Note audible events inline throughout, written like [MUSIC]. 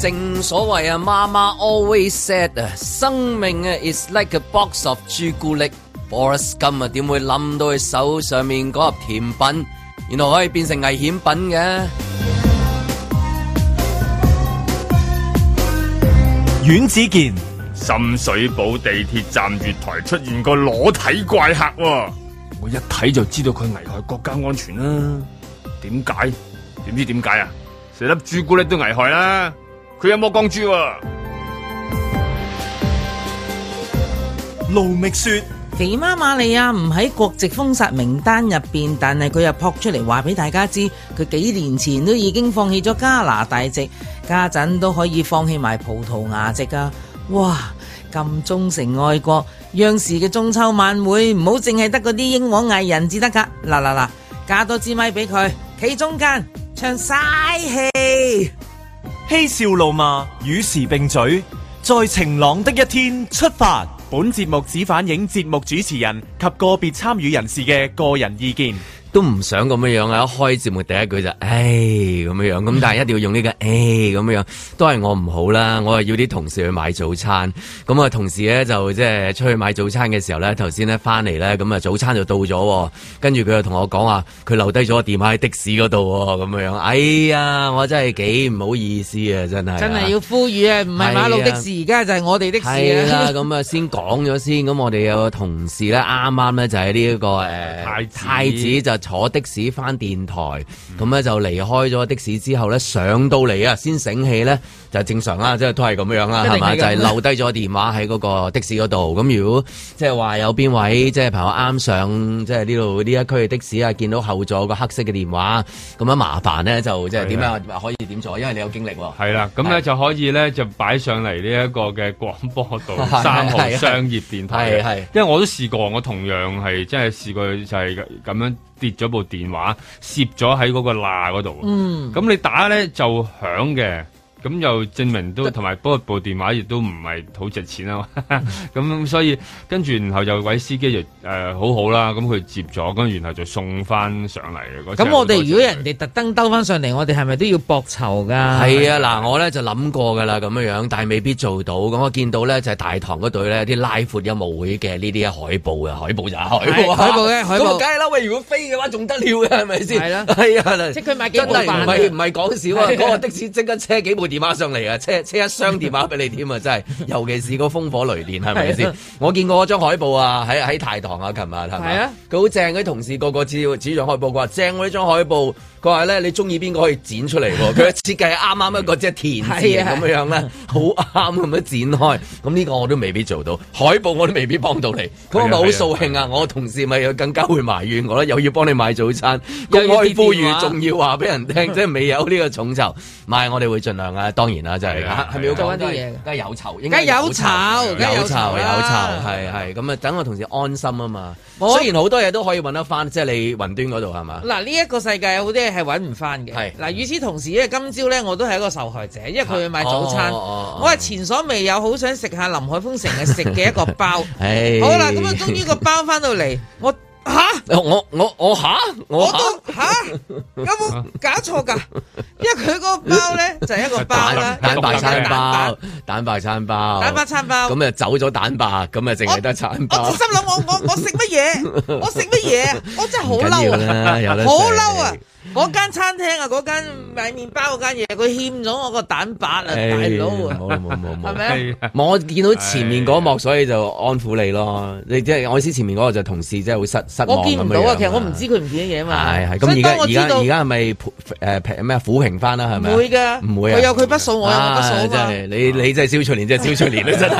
正所謂啊，媽媽 always said 啊，生命啊 is like a box of 朱古力。Boris 今日點會諗到佢手上面嗰盒甜品，原來可以變成危險品嘅。阮子健，深水埗地鐵站月台出現個裸體怪客，我一睇就知道佢危害國家安全啦。點解？點知點解啊？食粒朱古力都危害啦。佢有冇光珠啊？盧覓雪肥媽瑪利亞唔喺國籍封殺名單入邊，但係佢又撲出嚟話俾大家知，佢幾年前都已經放棄咗加拿大籍，家陣都可以放棄埋葡萄牙籍啊！哇，咁忠誠愛國，央視嘅中秋晚會唔好淨係得嗰啲英皇藝人至得噶，嗱嗱嗱，加多支咪俾佢，企中間唱晒戲。嬉笑怒罵，與時並嘴，在晴朗的一天出發。本節目只反映節目主持人及個別參與人士嘅個人意見。都唔想咁樣樣啊！一開節目第一句就唉咁樣樣，咁但係一定要用呢個唉咁樣樣，都係我唔好啦。我啊要啲同事去買早餐，咁啊同事咧就即係出去買早餐嘅時候咧，頭先咧翻嚟咧，咁啊早餐就到咗，就跟住佢又同我講話，佢留低咗個電話喺的士嗰度，咁樣樣。哎呀，我真係幾唔好意思啊，真係。真係要呼籲啊！唔係馬路的士，而家、啊、就係我哋的士啦。咁啊，啊 [LAUGHS] 先講咗先，咁我哋有個同事咧、這個，啱啱咧就喺呢一個誒太子就。坐的士返電台，咁咧就離開咗的士之後呢，上到嚟啊，先醒起呢。就正常啦，即、就、係、是、都係咁樣啦，係嘛，是吧就係留低咗電話喺嗰個的士嗰度。咁如果即係話有邊位即係朋友啱上即係呢度呢一區的，的士啊，見到後座個黑色嘅電話咁樣麻煩咧，就即係點樣是的 可以點做？因為你有經歷、哦。係啦，咁咧就可以咧就擺上嚟呢一個嘅廣播道，三是的 號商業電台。係係，因為我都試過，我同樣係即係試過就係咁樣跌咗部電話，攝咗喺嗰個罅嗰度。嗯，咁你打咧就響嘅。咁又證明，都同埋不過部電話亦都唔係好值錢啊嘛，咁所以跟住然後有位司機亦誒好好啦，咁佢接咗，咁然後就送翻上嚟。咁我哋如果人哋特登兜翻上嚟，我哋係咪都要搏籌噶？係啊，嗱，我咧就諗過噶啦咁樣樣，但係未必做到。咁我見到咧就係大堂嗰隊咧啲拉闊音樂會嘅呢啲海報，嘅海報就海報，海報海報梗係啦，喂！如果飛嘅話仲得了嘅係咪先？係啦，係啊，即係佢買幾部，唔係唔係講少啊！嗰個的士即刻車幾部。電話上嚟啊，車車一箱電話俾你添啊，真係，尤其是嗰風火雷電係咪先？我見過嗰張海報啊，喺喺太堂啊，琴日係咪？佢好正，啲同事個個指指張海報，佢話正我呢張海報，佢話咧你中意邊個可以剪出嚟？佢設計啱啱一個即係田字咁樣樣咧，好啱咁樣剪開。咁呢個我都未必做到，海報我都未必幫到你。咁咪好掃興啊！我同事咪更加會埋怨我啦，又要幫你買早餐，公開呼籲，仲要話俾人聽，即係未有呢個重籌，唔我哋會盡量啊，當然啦，就係噶，係咪要講翻啲嘢？梗係有仇，梗係有仇，有仇有仇，係係咁啊！等我同事安心啊嘛。雖然好多嘢都可以揾得翻，即係你雲端嗰度係嘛？嗱，呢一個世界有好多嘢係揾唔翻嘅。係嗱，與此同時，因為今朝咧我都係一個受害者，因為佢去買早餐，我係前所未有好想食下林海峰成日食嘅一個包。好啦，咁啊，終於個包翻到嚟，我。吓哈！我我我吓！我，我，我都吓！有冇搞錯噶？ [LAUGHS] 因為佢個包咧就係、是、一個包啦， [LAUGHS] 蛋白餐包、蛋白餐包、蛋白餐包，咁啊走咗蛋白，咁啊淨係得餐包。我心諗我我我食乜嘢？我食乜嘢？我真係好嬲啊！好嬲啊！嗰間餐廳啊，嗰間賣麵包嗰間嘢，佢欠咗我個蛋白啊，大佬，冇冇冇係咪啊？我見到前面嗰幕，所以就安撫你咯。你即係我意思，前面嗰個就同事，即係會失失我見唔到啊，其實我唔知佢唔見嘢嘛。咁而家而家而家係咪誒咩？撫平翻，啦，係咪啊？唔會噶唔會啊。佢有佢筆數，我有筆數。真係你你真係肖翠蓮，真係肖翠蓮啦，真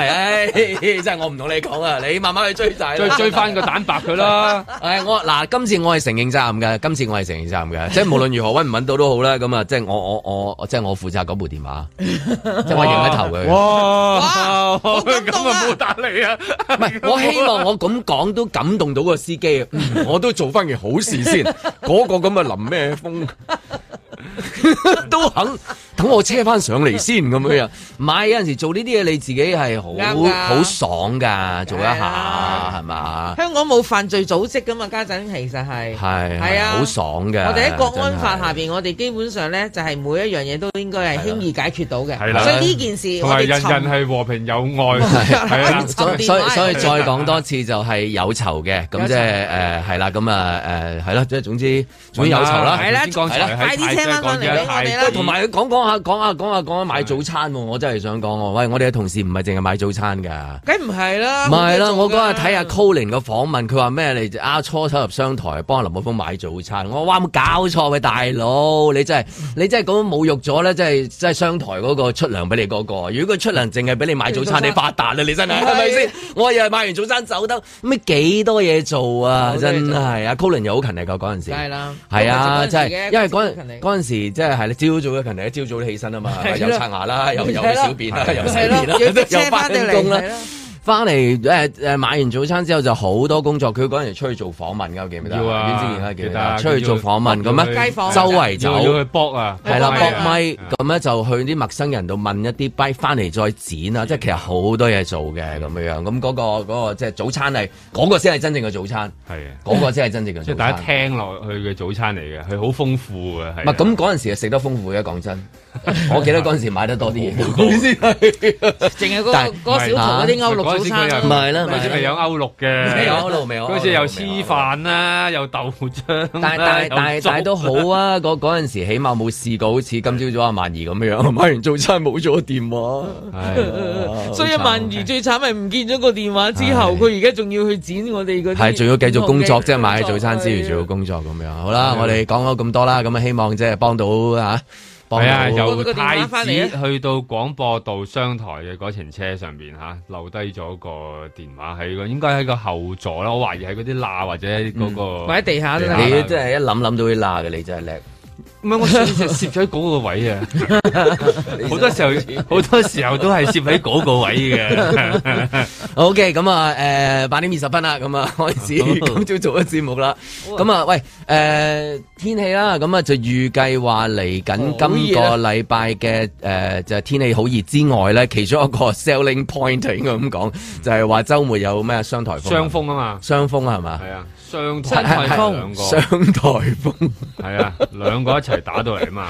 係。真係我唔同你講啊，你慢慢去追仔，追翻個蛋白佢啦。誒，我嗱，今次我係承認責任嘅，今次我係承認責任嘅。即係無論如何揾唔揾到都好啦，咁啊，即係我我我，我，即係我負責嗰部電話，哇即係我認得頭佢哇，咁啊冇打你啊！唔係，我希望我咁講都感動到個司機啊，嗯！我都做翻件好事先，嗰 [LAUGHS] 個咁啊淋咩風？ [LAUGHS] 都肯等我車翻上嚟先咁樣樣唔係有陣時做呢啲嘢你自己係好好爽噶，做一下係嘛？香港冇犯罪組織噶嘛？家陣其實係係係啊，好爽嘅。我哋喺國安法下邊，我哋基本上咧就係每一樣嘢都應該係輕易解決到嘅。所以呢件事係人人係和平友愛，所以所以再講多次就係有仇嘅，咁即係誒係啦，咁啊誒係啦即係總之總之有仇啦，係啦，快啲車。講係，同埋講講下，講下講下講下買早餐，我真係想講我，喂，我哋嘅同事唔係淨係買早餐噶，梗唔係啦，唔係啦，我嗰日睇下 Colin 個訪問，佢話咩你阿初初入商台，幫林寶峰買早餐，我話冇搞錯喂，大佬，你真係你真係咁侮辱咗咧，真係真係商台嗰個出糧俾你嗰個，如果佢出糧淨係俾你買早餐，你發達啦你真係，係咪先？我又係買完早餐走得，咩幾多嘢做啊？真係，阿 Colin 又好勤力噶嗰陣時，係啦，係啊，真係，因為嗰陣嗰陣。當時即係係咧，朝早嘅人哋喺朝早起身啊嘛，又刷牙啦，又有小便啦，又洗面啦，又返工啦。翻嚟買完早餐之後就好多工作，佢嗰陣時出去做訪問噶，記唔記得？要記得？記得出去做訪問咁咩？街訪，周圍走去搏啊，係啦，搏咪。咁咧就去啲陌生人度問一啲 bite 翻嚟再剪啊，即係其實好多嘢做嘅咁樣樣咁嗰個即係早餐係嗰個先係真正嘅早餐，嗰個先係真正嘅。即係。大家聽落去嘅早餐嚟嘅，佢好豐富嘅。咁嗰陣時食得豐富嘅，講真，我記得嗰陣時買得多啲嘢。淨係嗰嗰小盤嗰啲歐陸。唔係啦，咪咪有歐陸嘅，有歐陸未？嗰次又黐飯啦，又豆漿啦，又粥，但但但係都好啊！嗰嗰陣時，起碼冇試過好似今朝早阿曼儀咁樣，買完早餐冇咗電話。所以曼儀最慘係唔見咗個電話之後，佢而家仲要去剪我哋嗰啲。係仲要繼續工作即係，買早餐之餘仲要工作咁樣。好啦，我哋講咗咁多啦，咁啊希望即係幫到係啊，由太子去到廣播道商台嘅嗰程車上邊吓、啊，留低咗個電話喺個，應該喺個後座啦。我懷疑喺嗰啲罅或者嗰個。埋喺地下、嗯、你真係一諗諗都會罅嘅，你真係叻。唔係我成日攝咗喺嗰個位啊，好多時候好多時候都係攝喺嗰個位嘅。好嘅、 [LAUGHS] okay，咁、呃、啊，誒，八點二十分啦咁啊，開始今朝做咗節目、 [LAUGHS] 呃、啦。咁、哦、啊，喂，誒，天氣啦，咁啊，就預計話嚟緊今個禮拜嘅誒，就係天氣好熱之外咧，其中一個 selling point 應該咁講就係話周末有咩雙颱風、雙風啊嘛，雙風係嘛？係啊。雙台風，雙台風，係啊，兩個一齊打到嚟啊嘛！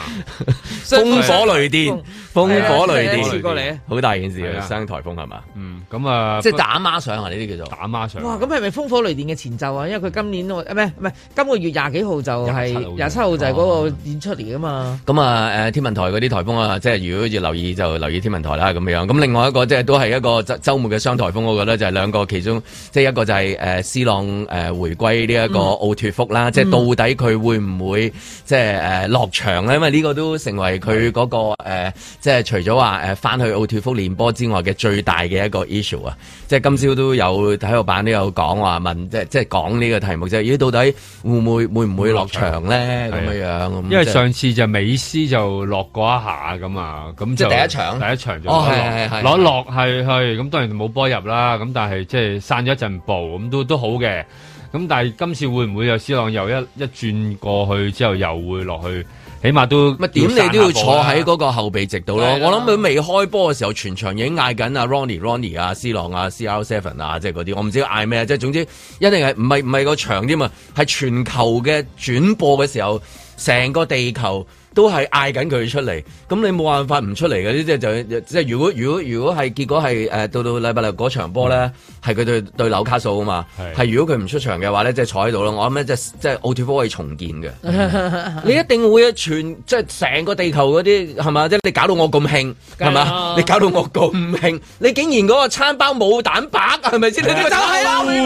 風火雷電，風火雷電，接過嚟，好大件事啊！雙台風係嘛？嗯，咁啊，即係打孖上啊！呢啲叫做打孖上。哇，咁係咪風火雷電嘅前奏啊？因為佢今年誒咩？唔係今個月廿幾號就係廿七號就嗰個演出嚟啊嘛！咁啊誒天文台嗰啲台風啊，即係如果要留意就留意天文台啦咁樣。咁另外一個即係都係一個周末嘅雙台風，我覺得就係兩個其中，即係一個就係誒思朗誒回歸。呢一個奧脱福啦，即係到底佢會唔會即係誒落場咧？因為呢個都成為佢嗰個誒，即係除咗話誒翻去奧脱福練波之外嘅最大嘅一個 issue 啊！即係今朝都有體育版都有講話問，即係即係講呢個題目啫。咦？到底會唔會會唔會落場咧？咁嘅樣，因為上次就美斯就落過一下咁啊，咁即係第一場，第一場就落落係去，咁當然冇波入啦。咁但係即係散咗一陣步，咁都都好嘅。咁但係今次會唔會有 C 朗又一一轉過去之後又會落去？起碼都乜點你都要坐喺嗰個後備席度咯。是的 我諗佢未開波嘅時候，全場已經嗌緊阿 Ronnie、Ronnie 啊、C 朗、啊、C R Seven 啊，即係嗰啲。我唔知嗌咩，即係總之一定係唔係唔係個場添啊？係全球嘅轉播嘅時候，成個地球。都係嗌緊佢出嚟，咁你冇辦法唔出嚟嘅，呢即就即係如果如果如果係結果係誒到到禮拜六嗰場波咧，係佢對對紐卡素啊嘛，係如果佢唔出場嘅話咧，即、就、係、是、坐喺度咯。我諗咧即係即係奧脫福可以重建嘅， [LAUGHS] 你一定會啊！全即係成個地球嗰啲係嘛，即係、就是、你搞到我咁興係嘛，你搞到我咁興，你竟然嗰個餐包冇蛋白啊，係咪先？你走係啦，你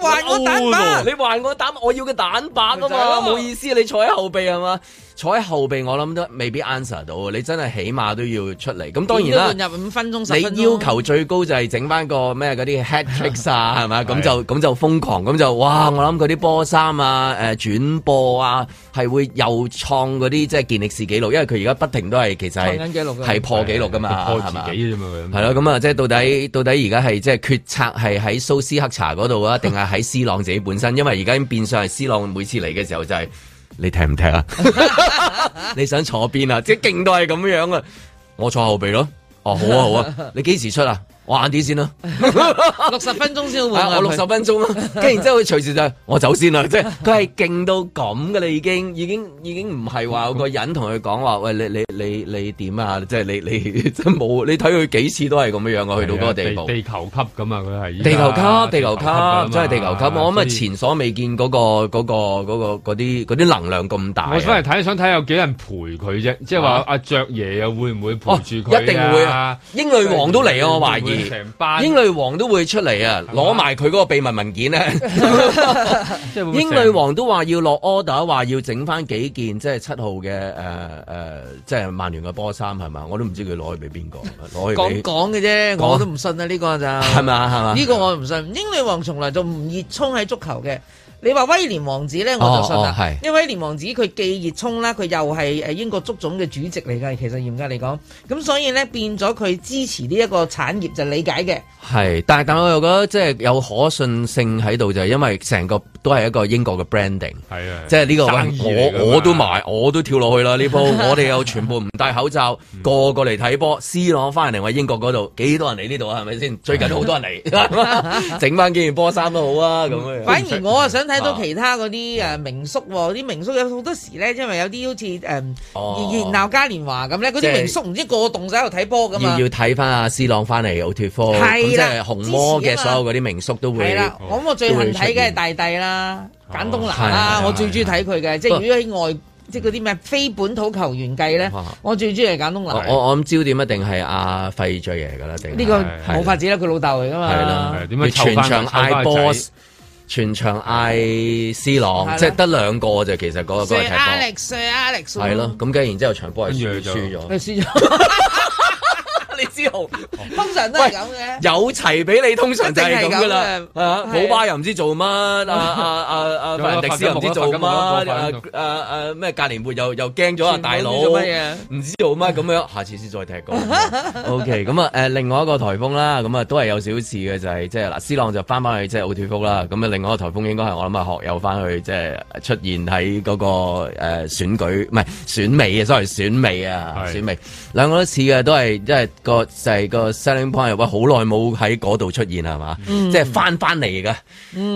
還我蛋白，哦、你還我蛋，我要嘅蛋白啊嘛，冇意思，你坐喺後背係嘛。坐喺後備，我諗都未必 answer 到。你真係起碼都要出嚟。咁當然啦，入五分鐘，十分鐘你要求最高就係整翻個咩嗰啲 head mixer 係嘛？咁、啊、 [LAUGHS] 就咁是的 就瘋狂咁是的 就哇！我諗嗰啲波衫啊、誒、呃、轉播啊，係會又創嗰啲即係健力士紀錄，因為佢而家不停都係其實係破紀錄㗎嘛，破自己啫嘛，係咯，咁啊，是的 即係到底是的 到底而家係即係決策係喺蘇斯克查嗰度啊，定係喺 C 朗自己本身？ [LAUGHS] 因為而家已變相係 C 朗每次嚟嘅時候就係、是。你踢唔踢啊？ [LAUGHS] [LAUGHS] 你想坐邊啊？即係勁都係咁樣啊！我坐後備咯。哦、啊，好啊，好啊。你幾時出啊？玩啲先啦，六十分鐘先換我六十分鐘啦，跟住然之後佢隨時就我先走先啦，即係佢係勁到咁噶啦，已經，已經，已經唔係話我個人同佢講話，喂，你你你你點啊？即係你你冇，你睇佢幾次都係咁樣樣去到嗰個地步，啊地。地球級咁啊，佢係地球級，地球級，真係地，地球級，以我諗啊前所未見嗰、嗰個、嗰個、嗰個啲啲、嗰個、能量咁大，啊。我想嚟睇想睇有幾人陪佢啫，即係話阿爵爺又會唔會陪住佢、啊啊、一定會啊！英女王都嚟啊！我懷疑。英女王都會出嚟啊！攞埋佢嗰個秘密文件咧， [LAUGHS] 英女王都話要落 order，話要整翻幾件，即係七號嘅誒誒，即係曼聯嘅波衫係嘛？我都唔知佢攞去俾邊個，攞去講講嘅啫，說說說 我都唔信啊！呢、呢個就係嘛係嘛？呢個我唔信，英女王從來就唔熱衷喺足球嘅。你話威廉王子咧，我就信啦。哦哦、因為威廉王子佢既熱衷啦，佢又係英國足總嘅主席嚟㗎。其實嚴格嚟講，咁所以咧變咗佢支持呢一個產業就理解嘅。係，但係但我又覺得即係有可信性喺度，就係、是、因為成個都係一個英國嘅 branding 的。係啊、這個，即係呢個我我都買，我都跳落去啦呢鋪我哋又全部唔戴口罩， [LAUGHS] 個個嚟睇波，C 朗翻嚟喺英國嗰度幾多人嚟呢度啊？係咪先？最近好多人嚟， [LAUGHS] [LAUGHS] 整翻件波衫都好啊。咁樣反而我啊想。睇到其他嗰啲誒名宿喎，啲名宿有好多時咧，因為有啲好似誒熱鬧嘉年華咁咧，嗰啲名宿唔知個個棟喺度睇波噶嘛。要睇翻阿 C 朗翻嚟奧脫科，咁即係紅魔嘅所有嗰啲名宿都會。我我最恨睇嘅係大帝啦，簡東南啊，我最中意睇佢嘅。即係如果喺外，即係嗰啲咩非本土球員計咧，我最中意係簡東南。我我諗焦點一定係阿費爵爺㗎啦，呢個冇法子啦，佢老豆嚟噶嘛。點解全場嗌 boss？全場嗌 C 朗，即係得兩個，就其實嗰個嗰個踢波。Sir Alex, Sir Alex 啦。係咯，咁跟然之後，後場波係輸咗，輸咗。通常都係咁嘅，有齊俾你，通常就係咁噶啦。啊，好巴又唔知做乜，啊啊啊啊迪斯又唔知做乜，啊啊啊咩格連活又又驚咗啊大佬，唔知做乜咁樣，下次先再踢過。O K，咁啊誒，另外一個台風啦，咁啊都係有少少似嘅，就係、是、即係嗱，C 朗就翻翻去即係奧脫福啦。咁啊，另外一個台風應該係我諗啊，學友翻去即係出現喺嗰、那個誒、呃、選舉，唔係選美啊，所謂選美啊，選美兩、啊、的個都似嘅，都係即係個係個 selling point，哇！好耐冇喺嗰度出現係嘛？嗯、即係翻翻嚟噶，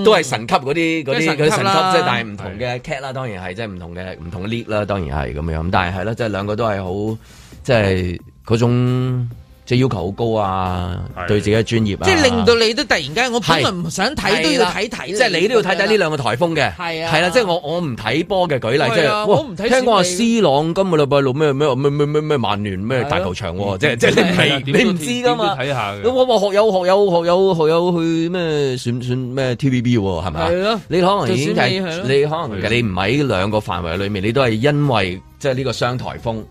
都係神級嗰啲嗰啲嗰神級，即係但係唔同嘅 cat 啦，當然係，即係唔同嘅唔同 lead 啦，當然係咁樣。但係係咯，即係兩個都係好，即係嗰種。即係要求好高啊！對自己嘅專業啊，即係令到你都突然間，我本來唔想睇都要睇睇，即係你都要睇睇呢兩個台風嘅，係啊，係啦，即係我我唔睇波嘅舉例，即係我唔睇。聽講話斯朗今個禮拜六咩咩咩咩咩咩曼聯咩大球場喎，即係即係你你唔知噶嘛？我我學友學友學友學友去咩算算咩 TVB 喎，係咪？係咯，你可能已經係你可能你唔喺兩個範圍裏面，你都係因為即係呢個雙台風。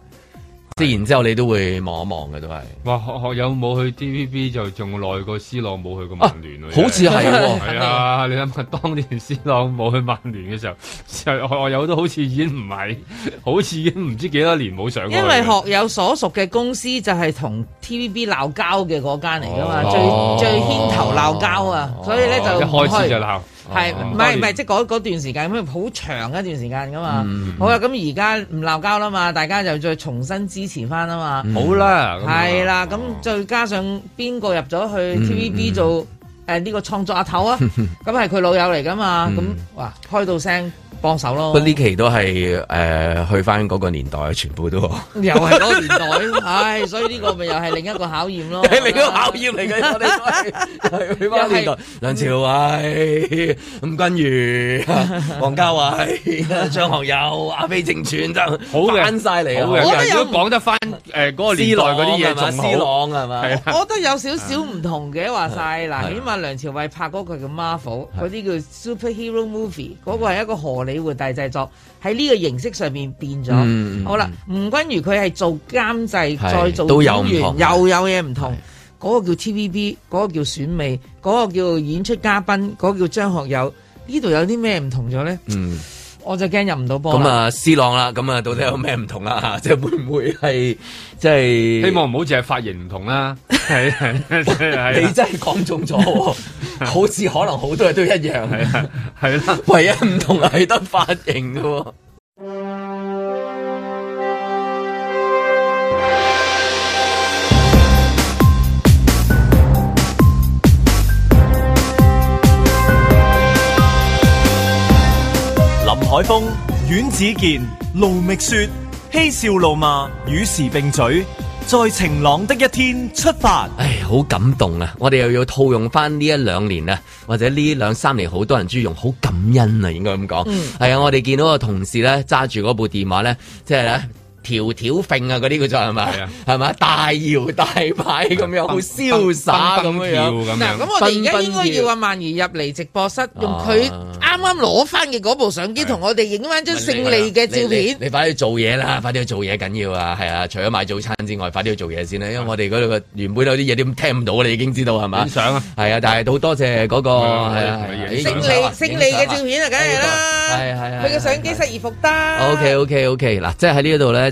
即然之後你都會望一望嘅都係，哇學學友冇去 TVB 就仲耐過 C 朗冇去過曼聯，啊、好似係係啊！你諗下當年 C 朗冇去曼聯嘅時候，學友都好似已經唔係，好似已經唔知幾多年冇上過。因為學友所屬嘅公司就係同 TVB 鬧交嘅嗰間嚟噶嘛，哦、最、哦、最牽頭鬧交啊！哦、所以咧就、哦、一開始就鬧。係，唔係唔係，即係嗰嗰段時間咁啊，好長一段時間噶嘛。嗯、好啦、啊，咁而家唔鬧交啦嘛，大家就再重新支持翻啊嘛。嗯、好啦，係啦、嗯，咁再加上邊個入咗去 TVB 做誒呢、嗯呃呢個創作阿頭啊？咁係佢老友嚟噶嘛？咁哇，開到聲。幫手咯！嗰呢期都係誒去翻嗰個年代，全部都又係嗰個年代，唉！所以呢個咪又係另一個考驗咯，係另一個考驗嚟嘅。去一係梁朝偉、吳君如、王家衞、張學友、阿飛正傳就好嘅，翻曬嚟好嘅，如果講得翻誒嗰個年代嗰啲嘢仲好，係嘛？我覺得有少少唔同嘅話晒。嗱，起碼梁朝偉拍嗰個叫 Marvel 嗰啲叫 Superhero Movie 嗰個係一個荷里。《守護大製作》喺呢個形式上面變咗，嗯、好啦，吳君如佢係做監製，是再做演員，有不又有嘢唔同。嗰是個叫 TVB，嗰個叫選美，嗰、嗰個叫演出嘉賓，嗰、嗰個、叫張學友。這裡有什麼不同呢度有啲咩唔同咗咧？嗯。我就驚入唔到波了。咁啊，C 朗啦，咁啊，到底有咩唔同啦、啊？吓，即係會唔會係即係？希望唔好淨係髮型唔同啦、啊。係係，你真係講中咗、啊，好似可能好多嘢都一樣、啊。係係啦，唯一唔同係得髮型噶、啊。海峰、阮子健、盧覓雪，嬉笑怒罵，與時並嘴，在晴朗的一天出發。唉，好感動啊！我哋又要套用翻呢一兩年啊，或者呢兩三年，好多人中意用，好感恩啊，應該咁講。係啊、嗯，我哋見到個同事咧，揸住嗰部電話咧，即係咧。條條揈啊，嗰啲叫做，係咪，係咪大搖大擺咁樣，好瀟灑咁樣咁。嗱，咁我哋而家應該要阿曼兒入嚟直播室，用佢啱啱攞翻嘅嗰部相機同我哋影翻張勝利嘅照片。你快啲去做嘢啦！快啲去做嘢緊要啊！係啊，除咗買早餐之外，快啲去做嘢先啦，因為我哋嗰度嘅原本有啲嘢都聽唔到，你已經知道係咪？影相啊！係啊，但係都多謝嗰個，係啊，勝利，勝利嘅照片啊，梗係啦，係係係。佢嘅相機失而復得。OK OK OK 嗱，即係喺呢度咧。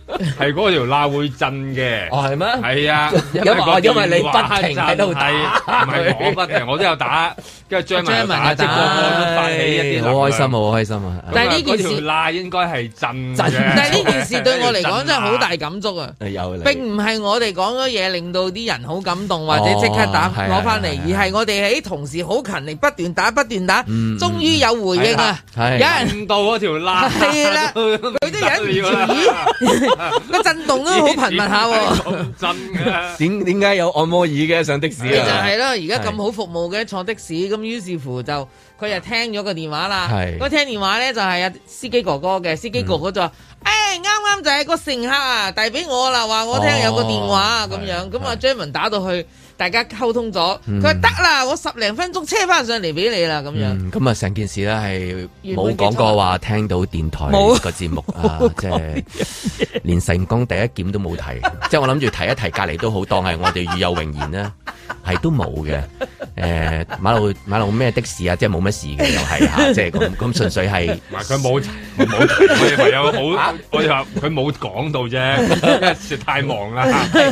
係嗰條罅會震嘅，哦係咩？係啊，因為因為你不停喺度打佢，唔係我不停，我都有打，跟住張文啊，個個都發起一啲，好開心，好開心啊！但係呢件事啦應該係震震，但係呢件事對我嚟講真係好大感觸啊！有並唔係我哋講咗嘢令到啲人好感動或者即刻打攞翻嚟，而係我哋喺同事好勤力不斷打不斷打，終於有回應啊！有人到嗰條罅，係啦，佢都忍唔住咦？個 [LAUGHS] 震動都好頻密下，震嘅點點解有按摩椅嘅上的士？是就係咯，而家咁好服務嘅坐的士，咁於是乎就佢就聽咗個電話啦。嗰是 聽電話咧就係、是、阿司機哥哥嘅，司機哥哥就話誒啱啱就係個乘客啊，遞俾我啦，話我聽有個電話啊咁樣，咁啊 Jemmy 打到去。大家溝通咗，佢話得啦，我十零分鐘車返上嚟俾你啦，咁樣。咁啊，成件事咧係冇講過話聽到電台個節目啊，即係連成功第一件都冇提。即係我諗住提一提隔離都好，當係我哋與有榮焉啦，係都冇嘅。誒，馬路馬路咩的士啊，即係冇乜事嘅，又係嚇，即係咁咁純粹係。唔係佢冇冇，我以為有好，我以為佢冇講到啫，太忙啦。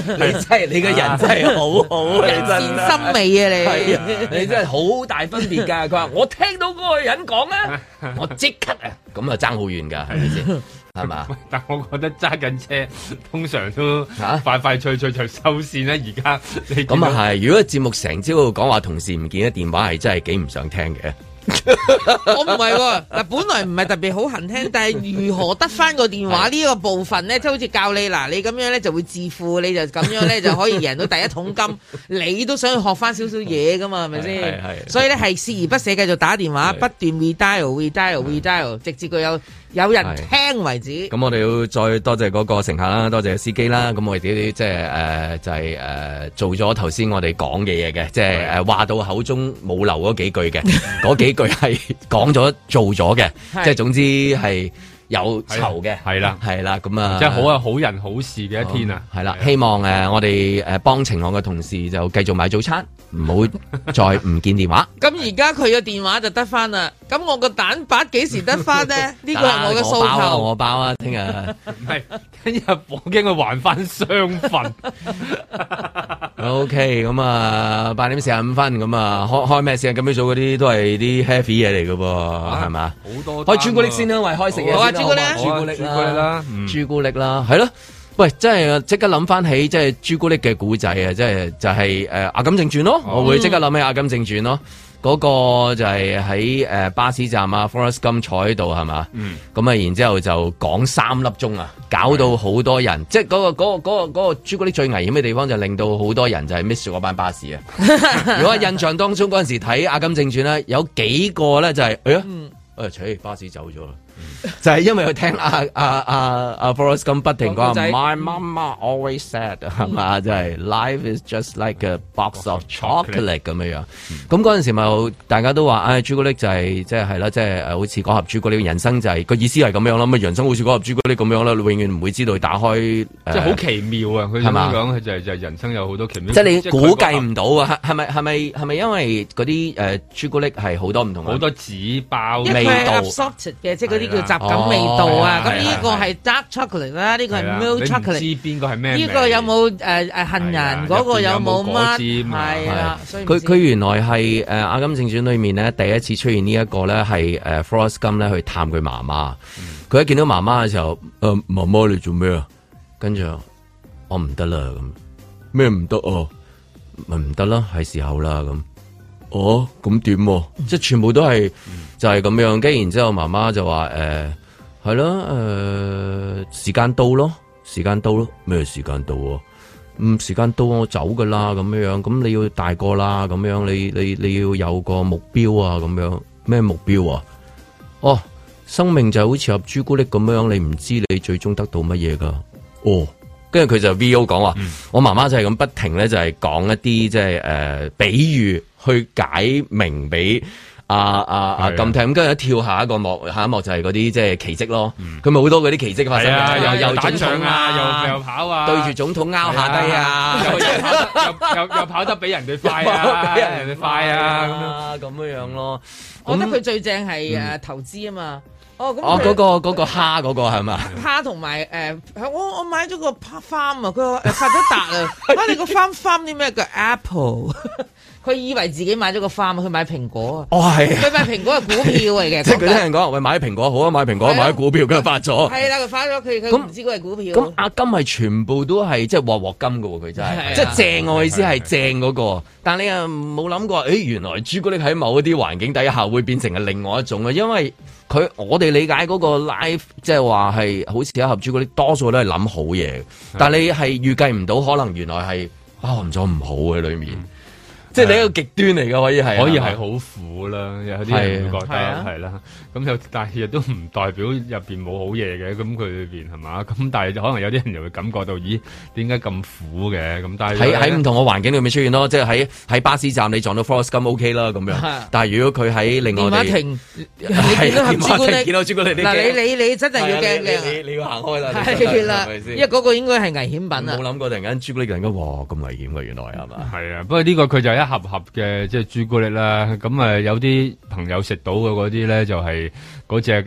你真係你個人真係好好。人善心味啊你？係啊，你真係好大分別噶。佢話： [LAUGHS] 我聽到嗰個人講啦，我即刻啊，咁啊爭好遠噶，係咪先？係嘛？但係我覺得揸緊車，通常都嚇快快脆脆就收線啦。而家你咁啊係。 [LAUGHS] 如果節目成朝講話同事唔見嘅電話，係真係幾唔想聽嘅。 [LAUGHS] 我唔係嗱，本來唔係特別好行聽，但係如何得翻個電話呢個部分呢，即係好似教你嗱，你咁樣呢就會致富，你就咁樣呢就可以贏到第一桶金， [LAUGHS] 你都想去學翻少少嘢噶嘛，係咪先？是是是，所以呢係鍥而不捨，繼續打電話，是不斷 re dial，re dial，re dial，直至佢有。有人聽為止。咁我哋要再多謝嗰個乘客啦，多謝司機啦。咁我哋啲即係誒，就係誒，做咗頭先我哋講嘅嘢嘅，即係誒，話到口中冇留嗰幾句嘅，嗰幾句係講咗做咗嘅，即係總之係。有酬嘅，係啦，係啦，咁啊，即係好啊，好人好事嘅一天啊，係啦，希望誒我哋誒幫情我嘅同事就繼續買早餐，唔好再唔見電話。咁而家佢嘅電話就得翻啦，咁我個蛋白幾時得翻呢？呢個係我嘅訴求，我包啊，聽日，唔係聽日，我驚佢還翻雙份。O K，咁啊，八點四十五分，咁啊，開開咩先啊？今日做嗰啲都係啲 heavy 嘢嚟㗎噃，係嘛？好多，開朱古力先啦，或者開食嘢。我啊、朱古力啦，朱古力啦，嗯、朱古力啦，係咯。喂，真係即刻諗翻起，即係朱古力嘅古仔啊！即係就係、是、誒、呃《阿甘正傳》咯，哦、我會即刻諗起《阿甘正傳》咯。嗰、嗯、個就係喺誒巴士站啊，Forrest Gump 坐喺度係嘛？咁啊，嗯、然之後就講三粒鐘啊，搞到好多人，是的 即係嗰、那個、那個、那個、那個那個朱古力最危險嘅地方就令到好多人就係 miss 嗰班巴士啊！ [LAUGHS] 如果印象當中嗰陣時睇《看阿甘正傳》咧，有幾個咧就係、是、誒，誒、哎、扯、嗯哎、巴士走咗啦。就係因為佢聽阿阿阿阿 Forrest 咁不停講，My mama always said 係嘛，就係 Life is just like a box of chocolate 咁樣樣。咁嗰陣時咪大家都話，朱古力就係即係係啦，即係好似嗰盒朱古力人生就係個意思係咁樣咯。咁人生好似嗰盒朱古力咁樣啦，你永遠唔會知道打開，即係好奇妙啊。佢點講？佢就係人生有好多奇妙。即係你估計唔到啊？係咪係咪係咪因為嗰啲誒朱古力係好多唔同好多紙包味道嘅，即係啲。叫雜錦味道啊！咁呢、哦、個係 dark chocolate 啦、哦，呢個係 milk chocolate、啊。呢個，個有冇誒誒杏仁、啊？嗰個有冇乜？係啊，佢佢原來係誒、呃《阿甘正傳》裏面咧，第一次出現這呢一個咧，係誒、呃、Forrest Gump 咧去探佢媽媽。佢、嗯、一見到媽媽嘅時候，誒、呃，媽媽你做咩啊？跟住我唔得啦，咁咩唔得啊？咪唔得啦，係時候啦咁。哦，咁點、啊？即係全部都係。嗯就係咁樣，跟然之後媽媽就話誒，係、呃、咯，誒、呃，時間到咯，時間到咯，咩時間到啊？嗯，時間到我走噶啦，咁樣，咁、嗯、你要大個啦，咁樣，你你你要有個目標啊，咁樣，咩目標啊？哦，生命就好似盒朱古力咁樣，你唔知你最終得到乜嘢噶。哦，跟住佢就 V.O. 講話，嗯、我媽媽就係咁不停咧，就係、是、講一啲即係誒，比喻去解明俾。啊啊啊！咁聽咁，跟住一跳下一個幕，下一幕就係嗰啲即係奇跡咯。佢咪好多嗰啲奇迹發生嘅，又又打又又跑啊，對住總統拗下低啊，又又又跑得比人哋快啊，比人哋快啊，咁樣樣咯。我覺得佢最正係誒投資啊嘛。哦，哦嗰個嗰個蝦嗰個係嘛？蝦同埋誒，我我買咗個 farm 啊，佢發咗達啦。啊，你個 farm farm 啲咩？叫 apple？佢以為自己買咗個花嘛？去買蘋果哦，係佢買蘋果係股票嚟嘅，即係嗰人講，喂，買啲蘋果好啊，買蘋果買啲股票，佢發咗係啦，佢發咗佢佢唔知佢係股票。咁阿金係全部都係即係鑊鑊金嘅喎，佢就係即係正我意思係正嗰個。但你又冇諗過，誒原來朱古力喺某一啲環境底下會變成另外一種嘅。因為佢我哋理解嗰個 life 即係話係好似一盒朱古力，多數都係諗好嘢，但你係預計唔到，可能原來係包含咗唔好喺裡面。即係你一個極端嚟嘅，可以係可以係好苦啦，有啲人會覺得係啦。咁但係亦都唔代表入邊冇好嘢嘅。咁佢裏邊係嘛？咁但係就可能有啲人就會感覺到，咦？點解咁苦嘅？咁但係喺喺唔同嘅環境裏面出現咯。即係喺喺巴士站你撞到 force gum ok 啦，咁樣。但係如果佢喺另外點啊停？見到黑朱古力。見到朱古力。嗱，你你你真係要驚嘅。你你要行開啦，啦。因為嗰個應該係危險品啊。冇諗過突然間朱古力咁樣，哇！咁危險嘅原來係嘛？係啊，不過呢個佢就係一。合合嘅即係朱古力啦，咁啊有啲朋友食到嘅嗰啲咧就係、是、嗰隻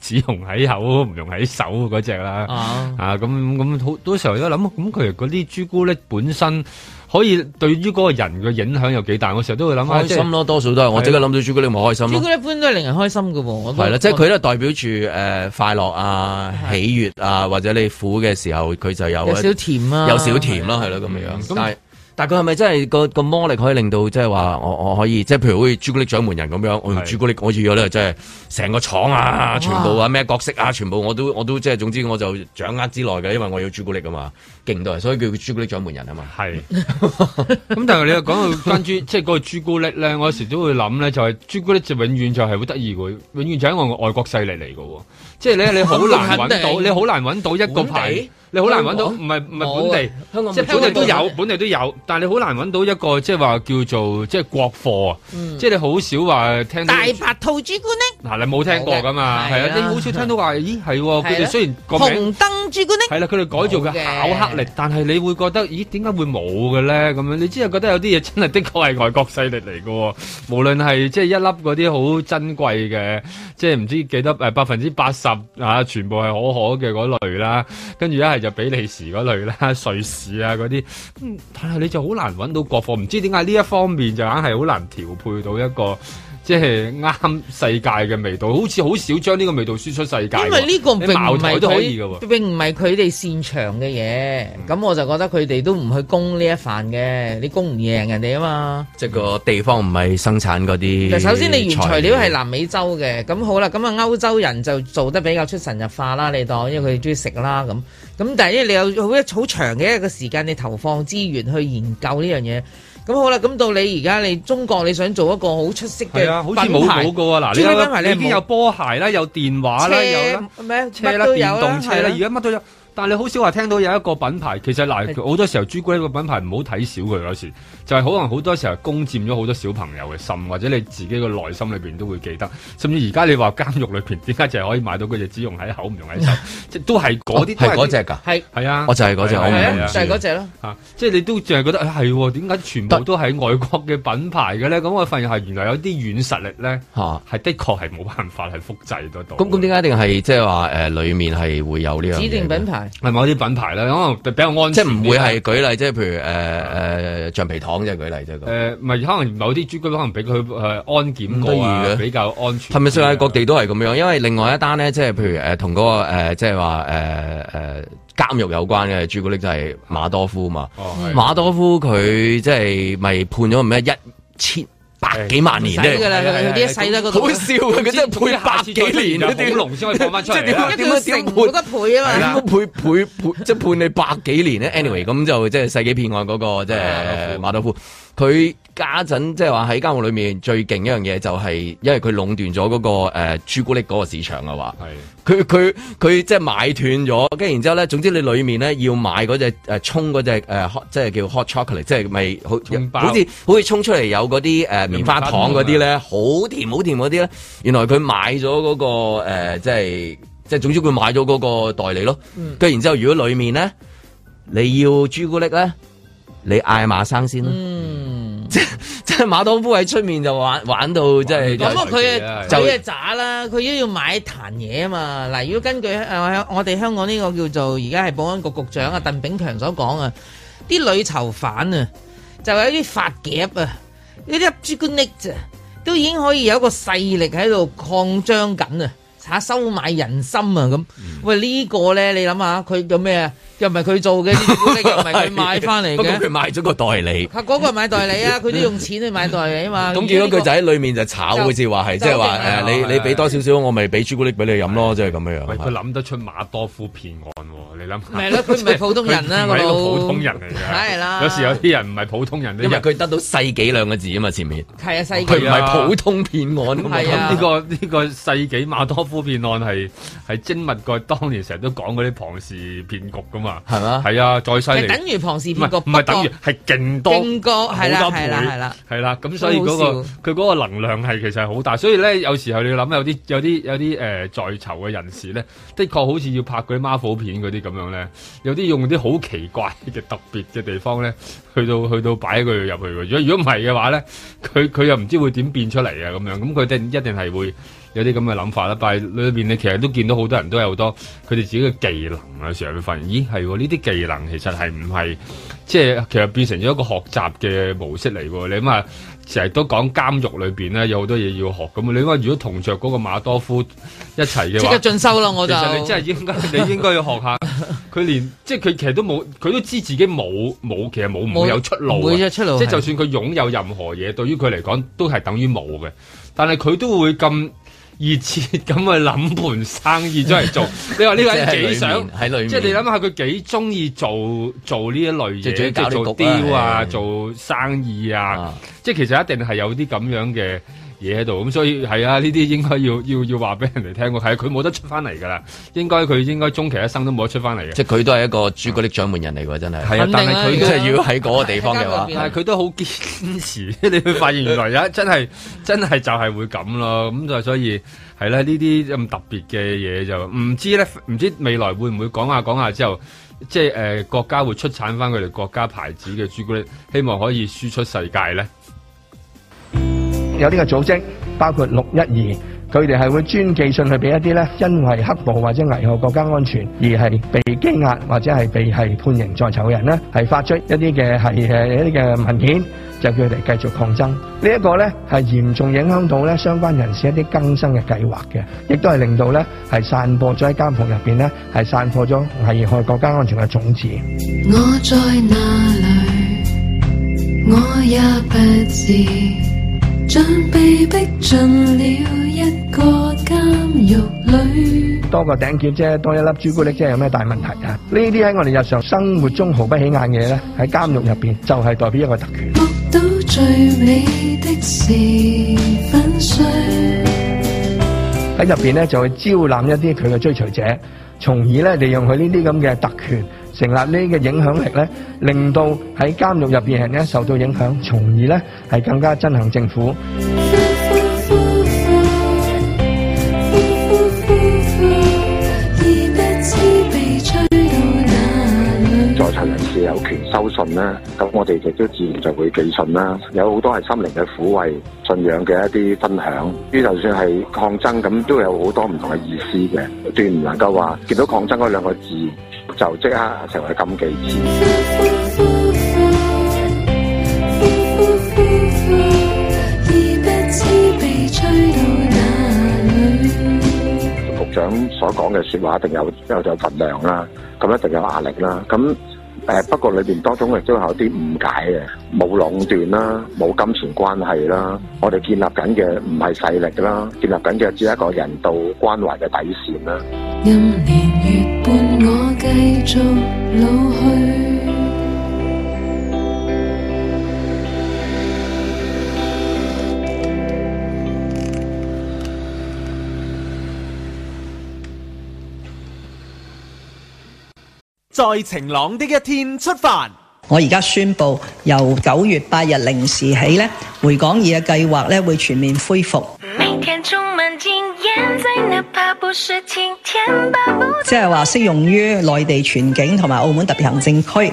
隻溶喺口唔溶喺手嗰隻啦。啊，咁咁、啊、好多時候而家諗，咁佢嗰啲朱古力本身可以對於嗰個人嘅影響有幾大？我成日都會諗開心咯、啊，多數都係我即刻諗到朱古力，冇開心、啊。對朱古力一般都係令人開心嘅，係啦，了我即係佢咧代表住誒快樂啊喜悅啊，或者你苦嘅時候佢就有，有少甜啊，有少甜啦、啊，係咯咁樣樣，嗯、但係。但佢係咪真係個、嗰個魔力可以令到即係話我我可以即係譬如好似朱古力掌門人咁樣，是我用朱古力我如果咧即係成個廠啊，全部啊咩角色啊，哇全部我都我都即係總之我就掌握之內嘅，因為我要朱古力啊嘛，勁到，所以叫朱古力掌門人啊嘛。係，咁是 [LAUGHS] 但係你又講到跟朱即係嗰個朱古力咧，我有時都會諗咧，就係朱古力永遠就永遠就係好得意，佢永遠就係一個外國勢力嚟嘅，即係咧你好難揾到，你好難揾到一個牌。你好難揾到，唔係唔係本地香港，本地都有，本地都有，但係你好難揾到一個即係話叫做即係國貨啊！即係你好少話聽到大白兔朱古力，嗱你冇聽過㗎嘛？係啊，你好少聽到話，咦係佢哋雖然個名紅燈朱古力係啦，佢哋改造嘅巧克力，但係你會覺得咦點解會冇嘅咧？咁樣你真係覺得有啲嘢真係的確係外國勢力嚟㗎喎！無論係即係一粒嗰啲好珍貴嘅，即係唔知記得百分之八十啊，全部係可可嘅嗰類啦，跟住一就比利時嗰類啦，瑞士啊嗰啲，但係你就好難揾到國貨，唔知點解呢一方面就硬係好難調配到一個。即係啱世界嘅味道，好似好少將呢個味道輸出世界。因為呢個並唔係都可以㗎喎，並唔係佢哋擅長嘅嘢。咁、嗯、我就覺得佢哋都唔去供呢一範嘅，你供唔贏人哋啊嘛。即係個地方唔係生產嗰啲。首先，你原材料係南美洲嘅，咁好啦，咁啊歐洲人就做得比較出神入化啦。你當，因為佢哋中意食啦咁。咁但係，因為你有好一好長嘅一個時間，你投放資源去研究呢樣嘢。咁好啦，咁到你而家你中國你想做一個好出色嘅、啊、好品牌，珠江品牌你已經有波鞋啦，有電話啦，有咩車啦，電動車啦，而家乜都有。但係你好少話聽到有一個品牌，其實嗱好是多時候朱古力個品牌唔好睇少。佢嗰時，就係、是、可能好多時候攻佔咗好多小朋友嘅心，或者你自己個內心裏邊都會記得。甚至而家你話監獄裏邊點解淨係可以買到嗰隻只用喺口唔用喺手？ [LAUGHS] 即都係嗰啲都係嗰隻㗎，係係是啊，我就係嗰隻口紅。就係嗰隻咯，即係你都淨係覺得係點解全部都係外國嘅品牌嘅咧？咁我發現係原來有啲軟實力咧嚇，係的確係冇辦法係複製得到的。咁咁點解一定係即係話誒裏面係會有呢個指定品牌？係某啲品牌啦，可能比較安全。即係唔會係舉例，即係譬如誒誒、呃、橡皮糖，即係舉例即誒，唔係、呃、可能某啲朱古力可能俾佢安檢過比較安全。係咪世界各地都係咁樣？因為另外一單咧，即係譬如誒同嗰個即係話誒誒監獄有關嘅朱古力就係馬多夫嘛。哦、馬多夫佢即係咪、就是、判咗唔一千？百幾萬年嘅，啲佢啲細得嗰個，對對對好笑啊！佢真係判百幾年，啲龍先可以翻出嚟，一點一倍，冇得倍啊嘛，倍倍倍，即係判你百幾年咧。anyway，咁 [LAUGHS] 就即係《世紀騙案》嗰個即係馬道夫。佢家陣即係話喺監獄裏面最勁一樣嘢就係，因為佢壟斷咗嗰個誒、呃、朱古力嗰個市場嘅話，係佢佢佢即係買斷咗，跟住然之後咧，總之你裏面咧要買嗰隻誒沖嗰隻誒即係叫 hot chocolate，即係咪沖包 好好似好似沖出嚟有嗰啲誒棉花糖嗰啲咧，好、啊、甜好甜嗰啲咧，原來佢買咗嗰、嗰個誒、呃、即係即係總之佢買咗嗰個代理咯，跟住、嗯、然之後如果裏面咧你要朱古力咧，你嗌馬生先啦、啊。嗯即係 [LAUGHS] 馬當夫喺出面就玩，玩到即係咁佢走啊渣啦，佢都要買壇嘢啊嘛。嗱的，如果根據、呃、我我哋香港呢個叫做而家係保安局局長啊的鄧炳強所講啊，啲女囚犯啊，就有一啲發夾啊，呢啲朱古力啊，都已經可以有一個勢力喺度擴張緊啊，查、啊、收買人心啊咁。嗯、喂，這個、呢個咧你諗下，佢有咩啊？又唔係佢做嘅，又唔係佢買翻嚟嘅。咁佢買咗個代理。嚇，嗰個買代理啊，佢都用錢去買代理啊嘛。咁見到佢就喺裏面就炒嘅，先話係，即係話誒，你你俾多少少，我咪俾朱古力俾你飲咯，即係咁樣樣。佢諗得出馬多夫騙案喎？你諗？唔係佢唔係普通人啦。我係一個普通人嚟嘅。係啦。有時有啲人唔係普通人。因為佢得到世紀兩個字啊嘛，前面。係啊，世紀。佢唔係普通騙案。係啊。呢個呢個世紀馬多夫騙案係係精密過，當年成日都講嗰啲龐氏騙局咁。係啊，係啊！再犀利，等於龐氏，片個，唔係等於係勁多勁個，係啦，係啦，係啦，係啦。咁所以嗰個佢嗰個能量係其實係好大。所以咧，有時候你諗有啲有啲有啲誒在囚嘅人士咧，的確好似要拍佢啲 Marvel 片嗰啲咁樣咧，有啲用啲好奇怪嘅特別嘅地方咧，去到去到擺佢入去。如果如果唔係嘅話咧，佢佢又唔知會點變出嚟啊！咁樣咁佢哋一定係會。有啲咁嘅諗法啦，但係裏面你其實都見到好多人都有好多佢哋自己嘅技能啊，成日會發現，咦，係呢啲技能其實係唔係即係其實變成咗一個學習嘅模式嚟？你諗下，成日都講監獄裏面咧有好多嘢要學，咁你諗下如果同着嗰個馬多夫一齊嘅，即刻進修啦！我就其實你真係應該，你應該要學下佢 [LAUGHS] 連即係佢其實都冇，佢都知自己冇冇，其實冇唔會有出路，啊，出路。即係就算佢擁有任何嘢，的對於佢嚟講都係等於冇嘅。但係佢都會咁。熱切咁去諗盤生意，出嚟做。你話呢個人幾想喺裏 [LAUGHS] 面，即係你諗下佢幾中意做做呢一類嘢，做雕啊，的做生意啊，啊即係其實一定係有啲咁樣嘅。嘢喺度，咁所以係啊，呢啲應該要要要話俾人哋聽，喎係佢冇得出翻嚟噶啦，應該佢應該終其一生都冇得出翻嚟嘅。即係佢都係一個朱古力掌門人嚟㗎，嗯、真係。係啊，但係佢即係要喺嗰個地方嘅話，但係佢都好堅持。你會發現原來有啊，真係真係就係會咁咯。咁就所以係啦，呢啲咁特別嘅嘢就唔知咧，唔知未來會唔會講下講下之後，即係誒、呃、國家會出產翻佢哋國家牌子嘅朱古力，希望可以輸出世界咧。有呢個組織，包括六一二，佢哋係會專寄信去俾一啲咧，因為黑暴或者危害國家安全而係被羈押或者係被係判刑在囚嘅人咧，係發出一啲嘅係誒一啲嘅文件，就叫佢哋繼續抗爭。這個、呢一個咧係嚴重影響到咧相關人士一啲更新嘅計劃嘅，亦都係令到咧係散播咗喺監獄入邊咧係散播咗危害國家安全嘅種子。我在哪裏，我也不知。將被迫進入一個監獄裡多個頂鍵啫，多一粒朱古力啫，有咩大問題啊？呢啲喺我哋日常生活中毫不起眼嘅嘢咧，喺監獄入面就係代表一個特權。喺入面咧就會招攬一啲佢嘅追隨者，從而咧利用佢呢啲咁嘅特權。成立呢個影響力咧，令到喺監獄入邊人咧受到影響，從而咧係更加憎恨政府。在場人士有權收信啦，咁我哋亦都自然就會寄信啦。有好多係心靈嘅撫慰、信仰嘅一啲分享。呢就算係抗爭咁，都有好多唔同嘅意思嘅，斷唔能夠話見到抗爭嗰兩個字，就即刻成為禁忌詞。局長所講嘅說話一定有，一定有份量啦，咁一定有壓力啦，咁。誒， [NOISE] 不過裏面多種亦都有啲誤解嘅，冇壟斷啦，冇金錢關係啦，我哋建立緊嘅唔係勢力啦，建立緊嘅只係一個人道關懷嘅底線啦。任年月伴我繼續老去在晴朗的一天出發，我而家宣布由九月八日零時起呢，回港易嘅計劃呢，會全面恢復。即係話適用於內地全境同埋澳門特別行政區。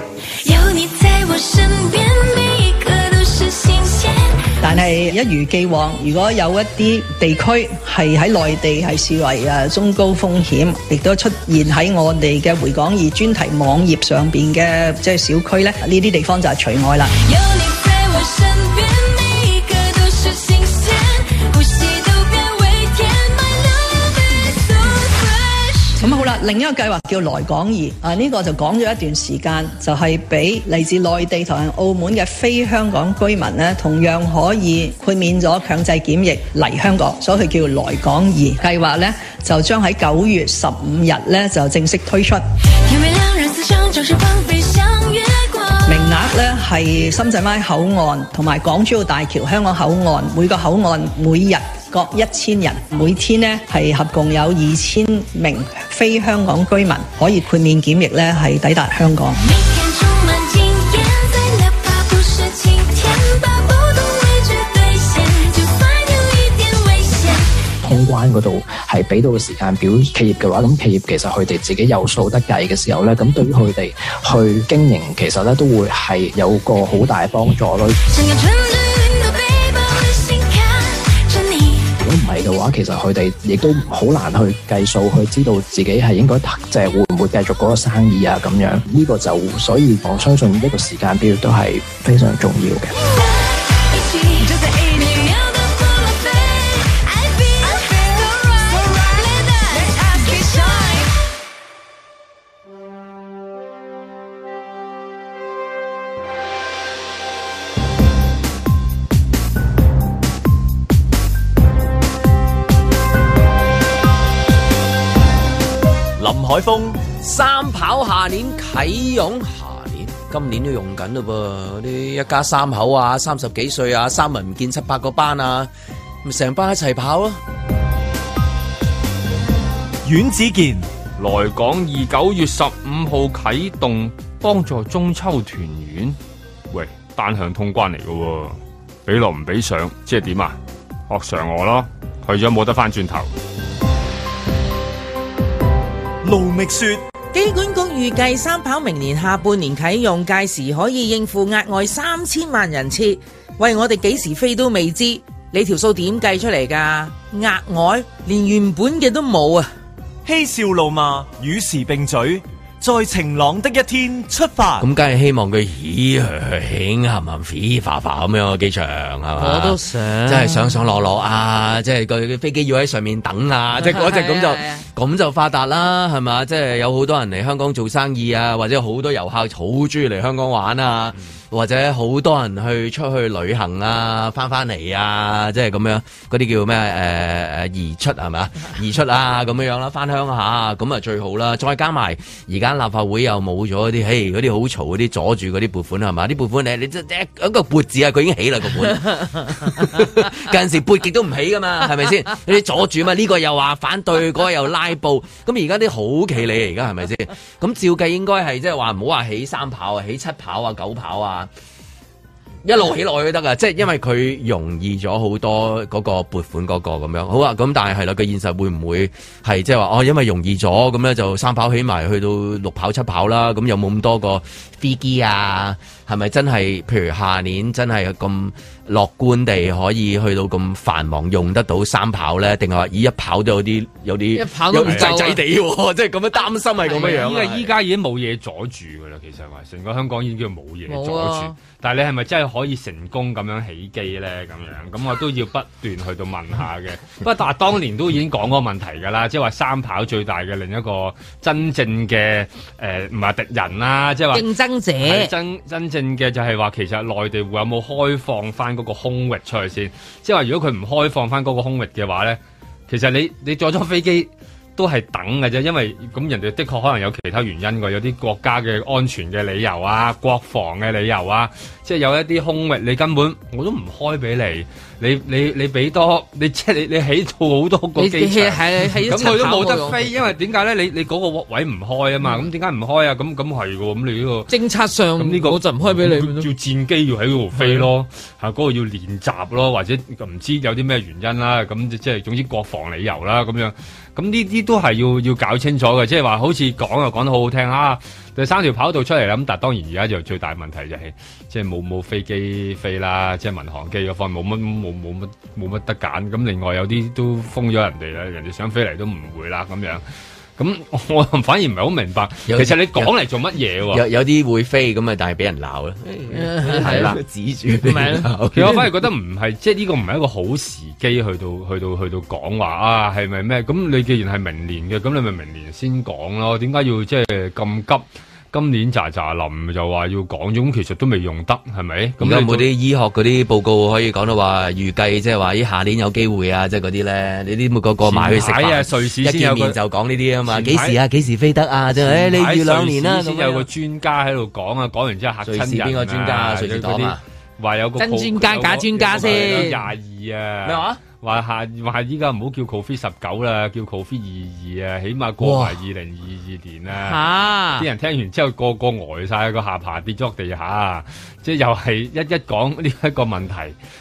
但係一如既往，如果有一啲地區係喺內地係視為中高風險，亦都出現喺我哋嘅回港二專題網頁上面嘅即係小區呢，呢啲地方就係除外啦。有你在我身邊另一個計劃叫來港易，啊呢、這個就講咗一段時間，就係畀嚟自內地同埋澳門嘅非香港居民呢，同樣可以豁免咗強制檢疫嚟香港，所以佢叫來港易計劃呢就將喺九月十五日呢就正式推出。人光名額呢係深圳灣口岸同埋港珠澳大橋香港口岸每個口岸，每，個口岸每日。1> 各一千人，每天呢，係合共有二千名非香港居民可以豁免檢疫咧，係抵達香港。通關嗰度係俾到個時間表，企業嘅話，咁企業其實佢哋自己有數得計嘅時候咧，咁對於佢哋去經營，其實咧都會係有個好大幫助咯。嘅話，其實佢哋亦都好難去計數，去知道自己係應該即係會唔會繼續嗰個生意啊？咁樣呢個就，所以我相信呢個時間表都係非常重要嘅。海風三跑下年啟用，下年今年都用緊嘞噃，啲一家三口啊，三十幾歲啊，三人唔見七八個班，班啊，咪成班一齊跑咯。阮子健來港二九月十五號啟動，幫助中秋團圓。喂，單向通關嚟噶，俾落唔俾上，即係點啊？學嫦娥咯，去咗冇得翻轉頭。杜密說，機管局預計三跑明年下半年啟用，屆時可以應付額外三千萬人次。喂，我哋幾時飛都未知，你條數點計出嚟噶？額外連原本嘅都冇啊！嬉笑怒罵，與時並嘴。在晴朗的一天出發，咁梗係希望佢起起行行飛飛爬爬咁樣個機場係嘛？我都想，即係上上落落啊！即係個飛機要喺上面等啊！即係嗰隻咁就咁就發達啦，係嘛？即係有好多人嚟香港做生意啊，或者好多遊客好鍾意嚟香港玩啊。或者好多人去出去旅行啊，翻翻嚟啊，即係咁樣嗰啲叫咩誒誒，移出係嘛？移出啊咁樣樣啦，翻鄉下咁啊最好啦。再加埋而家立法會又冇咗啲，嘿啲好嘈嗰啲，阻住嗰啲撥款係嘛？啲撥款，你你即即一個撥字啊，佢已經起啦個撥。 [LAUGHS] 近時撥極都唔起噶嘛，係咪先？你阻住嘛？呢個又話反對，嗰個又拉布。咁而家啲好企理而家係咪先？咁照計應該係即係話唔好話起三跑啊，起七跑啊，九跑啊。一路起落去都得噶，即係因為佢容易咗好多嗰個撥款嗰個咁樣，好啊。咁但係係啦，個現實會唔會係即係話哦？因為容易咗咁咧，就三跑起埋去到六跑七跑啦，咁有冇咁多個飛機啊？係咪真係？譬如下年真係咁？樂觀地可以去到咁繁忙，用得到三跑咧？定係話依一跑都有啲有啲一跑都滯滯地喎、哦，即係咁樣擔心啊，咁樣、啊、樣。因為依家已經冇嘢阻住噶啦，其實話成個香港已經叫冇嘢阻住。啊、但係你係咪真係可以成功咁樣起機咧？咁樣咁我都要不斷去到問下嘅。 [LAUGHS] 不過，但係當年都已經講過問題噶啦，即係話三跑最大嘅另一個真正嘅誒，唔係敵人啦、啊，即係話競爭者。真真正嘅就係話，其實內地會有冇開放翻？嗰個空域賽線，即係話如果佢唔開放翻嗰個空域嘅話咧，其實你你坐咗飛機。都係等嘅啫，因為咁人哋的確可能有其他原因㗎。有啲國家嘅安全嘅理由啊，國防嘅理由啊，即係有一啲空域，你根本我都唔開俾你，你你你俾多，你即係你你起到好多個機，咁佢、嗯、都冇得飛，因為點解咧？你你嗰個位唔開啊嘛，咁點解唔開啊？咁咁係嘅，咁你呢、這個政策上呢、這個我就唔開俾你，要戰機要喺度飛咯，吓嗰的個要練習咯，或者唔知有啲咩原因啦，咁即係總之國防理由啦，咁樣。咁呢啲都係要要搞清楚嘅，即係話好似講又講得好好聽啊，第三條跑道出嚟啦，咁但當當然而家就最大問題就係、是，即係冇冇飛機飛啦，即、就、係、是、民航機嗰方冇乜冇冇乜冇乜得揀，咁另外有啲都封咗人哋啦，人哋想飛嚟都唔會啦，咁樣。咁我反而唔係好明白，有其實你講嚟做乜嘢喎？有有啲會飛咁啊，但係俾人鬧咧，係啦 [LAUGHS] 了，指住俾人鬧。其實我反而覺得唔係，即係呢個唔係一個好時機去到去到去到講話啊，係咪咩？咁你既然係明年嘅，咁你咪明年先講咯。點解要即係咁急？今年渣渣林又話要講咁，其實都未用得，係咪？咁有冇啲醫學嗰啲報告可以講到話預計，即係話依下年有機會啊，即係嗰啲咧？你啲冇個過埋去食飯，一見面就講呢啲啊嘛？幾時啊？幾時飛得啊？就誒，你要兩年啦。先有個專家喺度講啊，講完之後吓親人啊。邊個專家？瑞士黨啊？話有個真專家假專家先。廿二啊？咩話？話下話依家唔好叫 COVID 十九啦，叫 COVID 二二啊，起碼過埋二零二二年啦。啲、啊、人聽完之後，個個呆晒，個下巴跌咗落地下。即係又係一一講呢一個問題，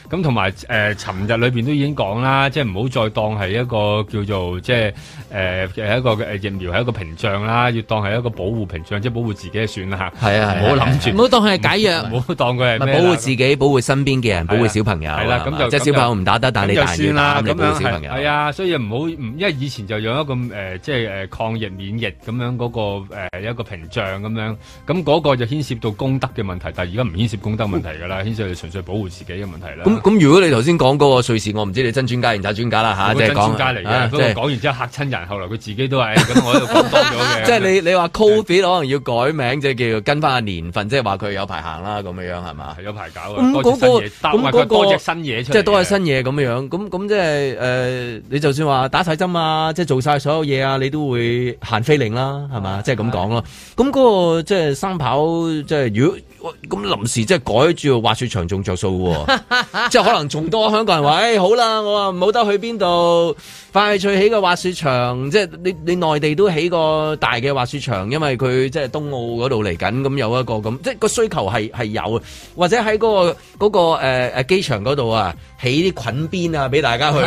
咁同埋誒，尋日裏邊都已經講啦，即係唔好再當係一個叫做即係誒、呃、一個疫苗係一個屏障啦，要當係一個保護屏障，即係保護自己嘅算啦。係啊，唔好諗住，唔好當佢係解藥，唔好當佢係咩？保護自己，保護身邊嘅人，啊、保護小朋友。係啦、啊，咁、啊啊、就即係小朋友唔打得，就但係你但咁保護小朋友。係啊，啊，所以唔好因為以前就用一個、呃、即係、呃、抗疫免疫咁樣嗰個、呃、一個屏障咁樣，咁、那、嗰個就牽涉到公德嘅問題，但而家唔牽涉。接供得問題啦，牽涉到純粹保護自己嘅問題啦。咁咁，如果你頭先講嗰個瑞士，我唔知你真專家定假專家啦，即係講。專家嚟嘅，即係講完之後嚇親人，後來佢自己都係咁，我度講多咗嘅。即係你你話 Covid 可能要改名，即係叫跟翻個年份，即係話佢有排行啦，咁樣樣係嘛？有排搞咁嗰個，咁新嘢即係多隻新嘢咁樣咁咁即係你就算話打晒針啊，即係做晒所有嘢啊，你都會限飛令啦，係嘛？即係咁講咯。咁嗰個即係生跑，即係如果。咁臨時即係改住滑雪場仲着數喎， [LAUGHS] 即係可能仲多香港人話、 [LAUGHS] 哎：，好啦，我話冇得去邊度，快趣起個滑雪場，即係你你內地都起個大嘅滑雪場，因為佢即係東澳嗰度嚟緊，咁有一個咁，即係個需求係係有，或者喺嗰、嗰個嗰、嗰個誒誒、嗰個呃、機場嗰度啊，起啲裙邊啊，俾大家去，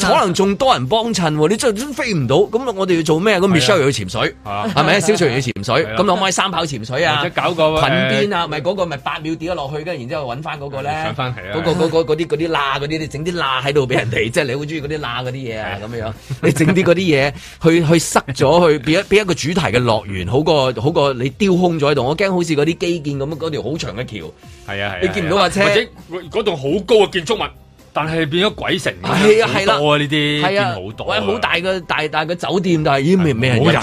即可能仲多人幫襯，你真真飛唔到，咁我哋要做咩？咁 Michelle 要潛水，係咪 [LAUGHS] [LAUGHS] 小徐要潛水，咁 [LAUGHS] [LAUGHS] 可唔可以三跑潛水啊？搞 [LAUGHS] [LAUGHS] 個裙邊啊！咪嗰、嗰個咪八秒跌咗落去，跟住然之後揾翻嗰個咧，嗰、嗰個嗰、嗰個嗰啲嗰啲罅嗰啲，整啲罅喺度俾人哋。 [LAUGHS] 即係你好中意嗰啲罅嗰啲嘢啊，咁樣樣你整啲嗰啲嘢去去塞咗去，俾一俾一個主題嘅樂園，好過好過你丟空咗喺度。我驚好似嗰啲基建咁，嗰條好長嘅橋，係啊係啊，你見唔到架車，或者嗰棟好高嘅建築物。但係變咗鬼城。啊，好多啊呢啲，變好多，喂，好大個大大個酒店，但係已經未未人入住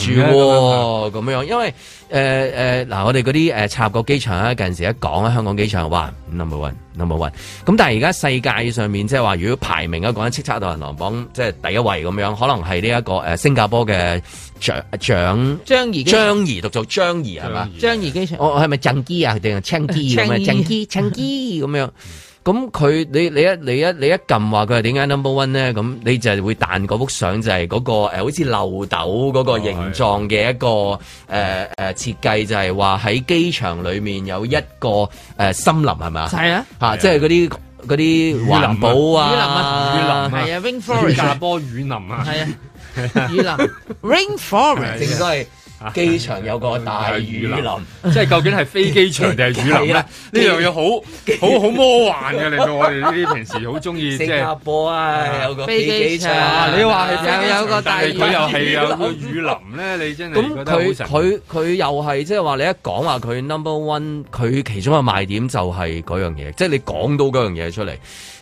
咁樣，因為誒誒嗱，我哋嗰啲誒插過機場啊，近時一講啊，香港機場哇 number one number one 咁，但係而家世界上面即係話如果排名一講一叱咤度人榜即係第一位咁樣，可能係呢一個誒新加坡嘅長蔣張儀，張儀讀做張儀係嘛？張儀機場我係咪鄭機啊定係青機青基咁樣。咁佢你你一你一你一撳話佢係點解 number one 咧？咁你就會彈嗰幅相就係嗰、那個、呃、好似漏斗嗰個形狀嘅一個誒誒、哦呃、設計，就係話喺機場裏面有一個誒、呃、森林係咪？係的啊，即係嗰啲嗰啲環保啊，雨林啊，雨林係啊，rainforest。新加坡雨林啊，係啊， [LAUGHS] 雨林 rainforest，應該係。 [LAUGHS] 的機場有個大雨林， [LAUGHS] 即係究竟係飛機場定係雨林咧？呢樣嘢好好好魔幻嘅，嚟到我哋呢啲平時好中意即係。新加坡啊，啊有個飛機場。你話係有個大雨雨林咧，啊、你真係覺得好神奇？佢佢佢又係即係話你一講話佢 number one，佢其中嘅賣點就係嗰樣嘢，即係你講到嗰樣嘢出嚟。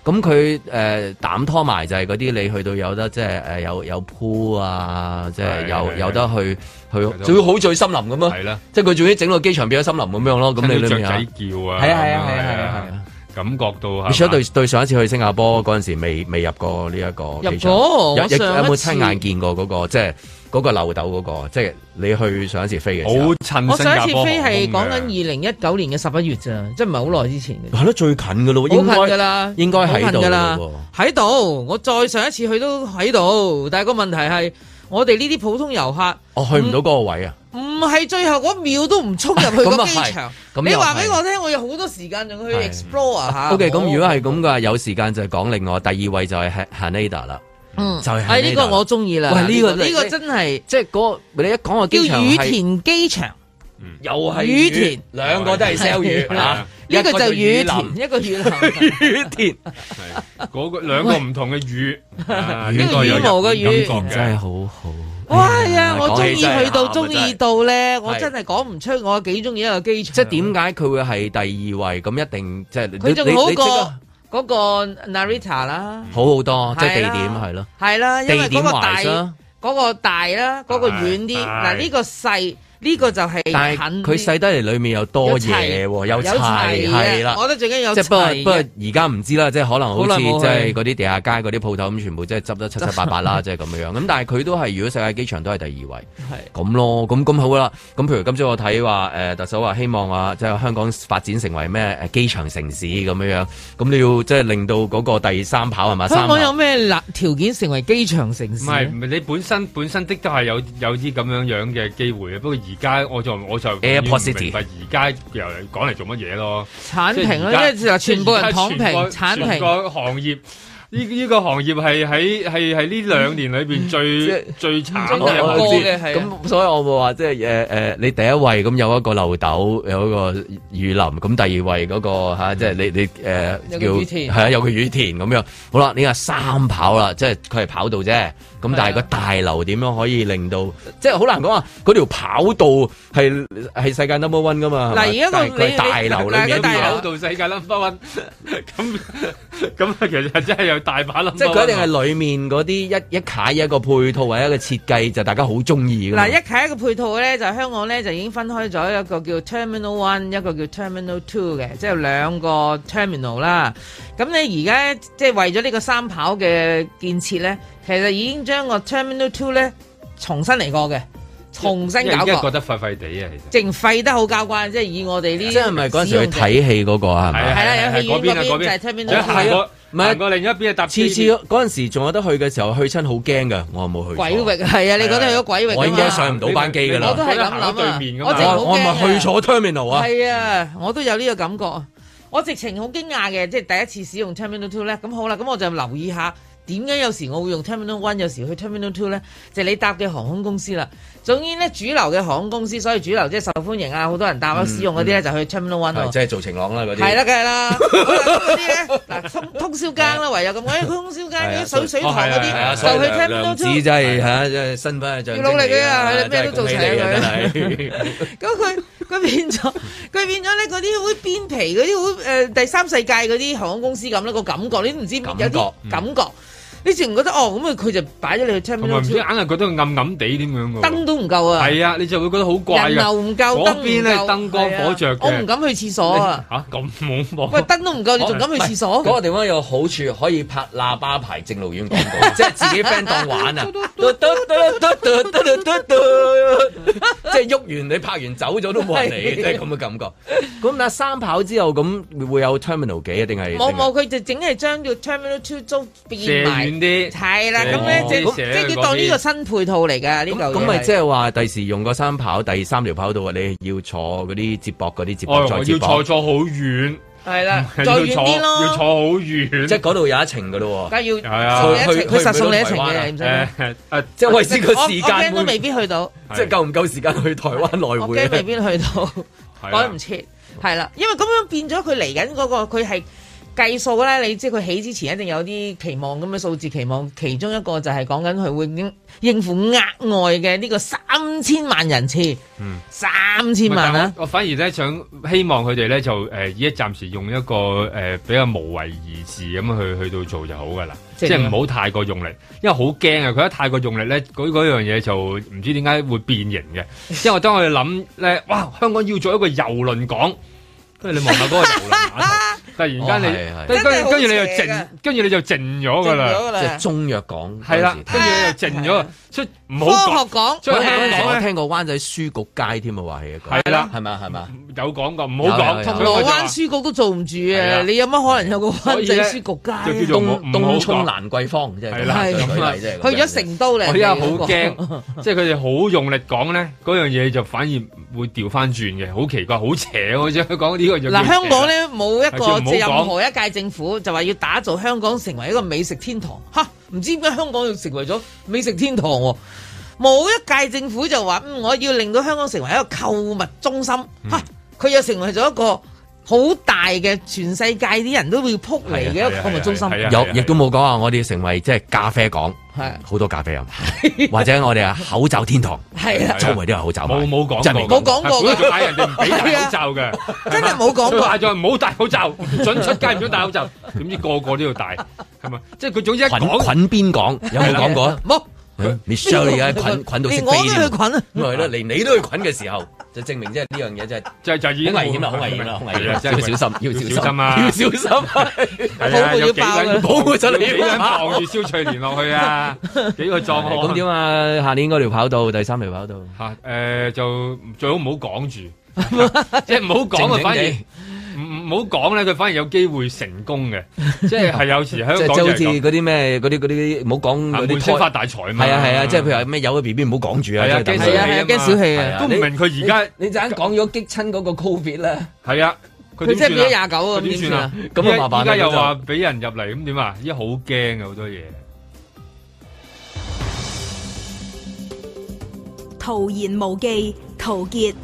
咁佢誒膽拖埋就係嗰啲你去到有得即係誒有有鋪啊，即係有有得去去，仲要好似森林咁啦的即係佢仲要整個機場變咗森林咁樣咯。咁的你雀仔叫啊，係啊係啊係啊，感覺到啊。你想對對上一次去新加坡嗰陣時未未入過呢一個機場？入過，有有冇親眼見過嗰個即係？就是嗰個漏斗嗰個，即係你去上一次飛嘅時候。我上一次飛係講緊二零一九年嘅十一月咋，即係唔係好耐之前嘅。係咯，最近㗎咯，應該。好近㗎啦，喺度啦，喺度。我再上一次去都喺度，但係個問題係，我哋呢啲普通遊客，我去唔到嗰個位啊，唔係最後嗰秒都唔衝入去嗰個機場。咁、 [LAUGHS] 啊、你話俾我聽，我有好多時間仲去 explore 下。OK，咁好如果係咁嘅，有時間就係講另外第二位就係 Haneda 啦。嗯，就係，呢個我中意啦，呢個呢個真係，即係嗰你一講個叫雨田機場，又係雨田，兩個都係小雨，吓呢個就雨田，一個雨，田，個兩個唔同嘅雨，呢個羽毛嘅雨，真係好好，哇呀，我中意去到中意到咧，我真係講唔出我幾中意一個機場，即係點解佢會係第二位咁一定，即係佢仲好過。嗰個 Narita 啦，好好多，即係地點係咯，係啦，啦啦因為嗰個大，嗰個大啦，嗰、嗰個遠啲，嗱，呢個細。呢個就係，但係佢細得嚟，裏面有多嘢喎，有柴係啦。我覺得最緊有即不不過而家唔知啦，即係可能好似即係嗰啲地下街嗰啲鋪頭咁，全部即係執得七七八八啦，即係咁樣。咁但係佢都係，如果世界機場都係第二位，咁咯。咁咁好啦。咁譬如今朝我睇話，呃，特首話希望啊，即係香港發展成為咩機場城市咁樣。咁你要即係令到嗰個第三跑係咪？香港有咩條件成為機場城市？唔係，你本身本身的都係有有啲咁樣樣嘅機會啊。不過而家我就我就唔明白。而家由嚟講嚟做乜嘢咯？產停咯、啊，即係全部人躺平，產停平個行業。呢呢個行業係喺係係呢兩年裏邊最、嗯、最,最慘嘅咁、嗯嗯、所以我冇話即係誒誒，你第一位咁有一個漏斗，有一個雨林，咁第二位嗰、那個吓、啊，即係你你誒、呃、叫係啊，有個雨田咁樣。好啦，你話三跑啦，即係佢係跑道啫，咁但係個大樓點樣可以令到，即係好難講啊！嗰條跑道係係世界 number one 噶嘛？嗱，而家、那個你你大樓裏面啲跑道世界 number one，咁咁其實真係。大把啦，即係佢一定係裡面嗰啲一一卡一個配套或者一個設計就大家好中意嘅。嗱，一卡一個配套咧就香港咧就已經分開咗一個叫 Terminal One，一個叫 Terminal Two 嘅，即係兩個 Terminal 啦。咁你而家即係為咗呢個三跑嘅建設咧，其實已經將個 Terminal Two 咧重新嚟過嘅。重新搞過，覺得廢廢地啊！其實淨廢得好交關，即係以我哋呢，即係唔係嗰陣時去睇戲嗰個啊？係啊係啊，有去邊啊？邊就係 terminal，唔係另一邊係搭。次次嗰陣時仲有得去嘅時候，去親好驚㗎，我冇去。鬼域係啊，你覺得去咗鬼域我應該上唔到班機㗎啦！我都係咁諗啊！我正，我唔係去坐 terminal 啊！係啊，我都有呢個感覺啊！我直情好驚訝嘅，即係第一次使用 terminal two 咧。咁好啦，咁我就留意下點解有時我會用 terminal one，有時去 terminal two 咧，就係你搭嘅航空公司啦。總之呢，主流嘅航空公司，所以主流即係受歡迎啊！好多人搭私用嗰啲呢，就去 Terminal One 度，即係做晴朗啦嗰啲。係啦，係啦，嗰啲呢，嗱通通宵更啦，唯有咁我嘅通宵更嗰啲水水台嗰啲，就去 Terminal 出。梁子真係嚇，即係身份就。要努力啊！係，咩都做齊佢。咁佢佢變咗，佢變咗呢，嗰啲好邊皮嗰啲好，誒第三世界嗰啲航空公司咁，呢個感覺，你都唔知有啲感覺。你自然覺得哦，咁佢就擺咗你去 terminal。同埋唔知硬係覺得暗暗地咁樣。燈都唔夠啊！係啊，你就會覺得好怪啊！人流唔夠，嗰邊咩燈光火著啊！我唔敢去廁所啊！嚇咁恐怖！喂，燈都唔夠，你仲敢去廁所？嗰個地方有好處，可以拍喇叭牌正路遠廣告，即係自己 band 當玩啊！即係喐完你拍完走咗都冇人嚟，都係咁嘅感覺。咁啊，三跑之後咁會有 terminal 幾一定係冇冇？佢就整係將個 terminal 出租變啲係啦，咁咧即係即係要當呢個新配套嚟噶呢度。咁咪即係話第時用個三跑第三條跑道啊！你要坐嗰啲接駁嗰啲接駁要坐坐好遠。係啦，再遠啲咯，坐好遠，即係嗰度有一程噶咯。梗要係啊，坐一程，佢實送你一程嘅，唔使。即係為咗個時間，我我驚都未必去到，即係夠唔夠時間去台灣來回。我驚未必去到，改唔切，係啦，因為咁樣變咗，佢嚟緊嗰個佢係。計數咧，你即係佢起之前一定有啲期望咁嘅數字期望，其中一個就係講緊佢會應應付額外嘅呢個三千萬人次，嗯，三千萬啦，啊。我反而咧想希望佢哋咧就誒，而家暫時用一個誒、呃、比較無為而治咁去去到做就好噶啦，確即係唔好太過用力，因為好驚啊！佢一太過用力咧，嗰嗰樣嘢就唔知點解會變形嘅。因為我當我哋諗咧，哇，香港要做一個郵輪港，跟住你望下嗰個郵輪碼頭 [LAUGHS] 突然間你，哦、跟跟住你就靜，跟住你就靜咗噶啦，即係中藥講，係啦的，跟住你就靜咗。 [LAUGHS] 出唔好講，我聽過灣仔書局街添啊，話係啊，係啦，係嘛，係嘛，有講過，唔好講。銅鑼灣書局都做唔住啊，你有乜可能有個灣仔書局街？東東涌蘭桂坊即係去咗成都嚟，佢依家好驚，即係佢哋好用力講咧，嗰樣嘢就反而會掉翻轉嘅，好奇怪，好邪喎！即係講呢個嗱，香港咧冇一個，任何一屆政府就話要打造香港成為一個美食天堂嚇。唔知點解香港又成為咗美食天堂喎？冇一屆政府就話，嗯，我要令到香港成為一個購物中心，嚇、啊、佢又成為咗一個。好大嘅全世界啲人都會撲嚟，嘅一個購物中心，有亦都冇講話我哋成為即係咖啡港，係好多咖啡啊，或者我哋啊口罩天堂，係周圍都係口罩，冇冇講，冇講過，嗌人哋唔俾戴口罩嘅，真係冇講過，冇唔好戴口罩，准出街，唔准戴口罩，點知個個都要戴，係咪？即係佢總之一捆菌邊講有冇講過？冇。你燒啊，菌菌到死，連我都去菌啊，咪係咯，連你都去菌嘅時候，就證明即係呢樣嘢，即係就係即係已經危險啦，好危險啦，要小心，要小心啊，要小心，保護要幾斤，保護真係幾斤，撞住消脆連落去啊，幾個狀況咁點啊，下年嗰條跑道，第三條跑道！吓，誒，就最好唔好講住，即係唔好講啊，反而。唔好講咧，佢反而有機會成功嘅，即係係有時香港人咁。即係好似嗰啲咩，嗰啲嗰啲，唔好講，唔好先發大財嘛。係啊係啊，即係譬如話咩有嘅 B B，唔好講住啊。係啊，驚小氣啊，驚小氣啊。都唔明佢而家，你陣間講咗激親嗰個 Kobe 啦。係啊，佢點算啊？廿九啊，點算啊？咁啊，麻煩啦。依家又話俾人入嚟，咁點啊？依家好驚啊，好多嘢。徒言無忌，陶傑。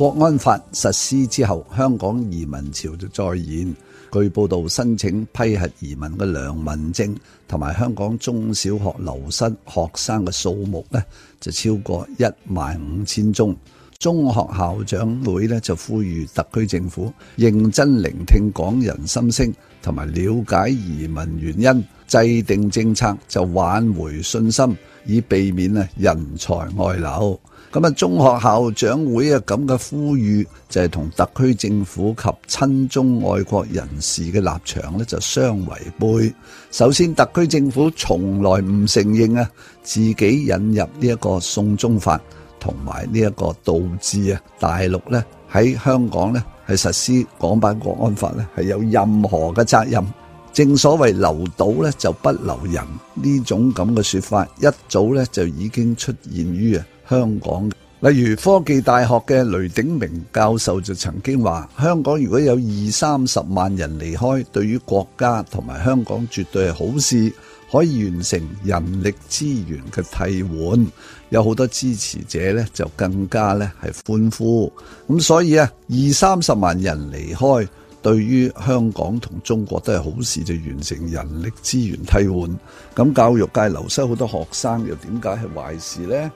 國安法實施之後，香港移民潮就再現。據報道，申請批核移民嘅良民證同埋香港中小學流失學生嘅數目呢，就超過一萬五千宗。中學校長會呢，就呼籲特區政府認真聆聽港人心聲，同埋了解移民原因，制定政策就挽回信心，以避免人才外流。咁啊，中學校長會啊咁嘅呼籲，就係同特區政府及親中愛國人士嘅立場咧，就相違背。首先，特區政府從來唔承認啊，自己引入呢一個送中法，同埋呢一個導致啊，大陸咧喺香港咧係實施港版國安法咧，係有任何嘅責任。正所謂留島咧就不留人呢種咁嘅說法，一早咧就已經出現於啊。香港，例如科技大學嘅雷鼎明教授就曾經話：香港如果有二三十萬人離開，對於國家同埋香港絕對係好事，可以完成人力資源嘅替換。有好多支持者咧，就更加咧係歡呼。咁所以啊，二三十萬人離開對於香港同中國都係好事，就完成人力資源替換。咁教育界流失好多學生，又點解係壞事呢？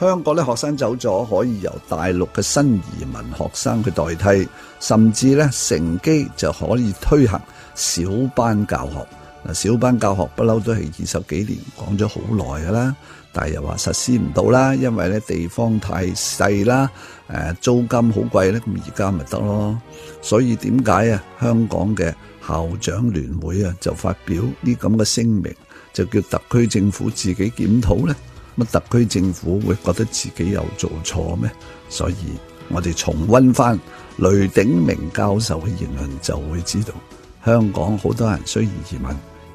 香港咧，學生走咗可以由大陸嘅新移民學生去代替，甚至咧乘機就可以推行小班教學。嗱，小班教學不嬲都係二十幾年講咗好耐噶啦，但係又話實施唔到啦，因為咧地方太細啦，誒租金好貴咧，咁而家咪得咯。所以點解啊？香港嘅校長聯會啊，就發表呢咁嘅聲明，就叫特區政府自己檢討咧。特區政府會覺得自己有做錯咩？所以我哋重温返雷鼎明教授嘅言論，就會知道香港好多人需要移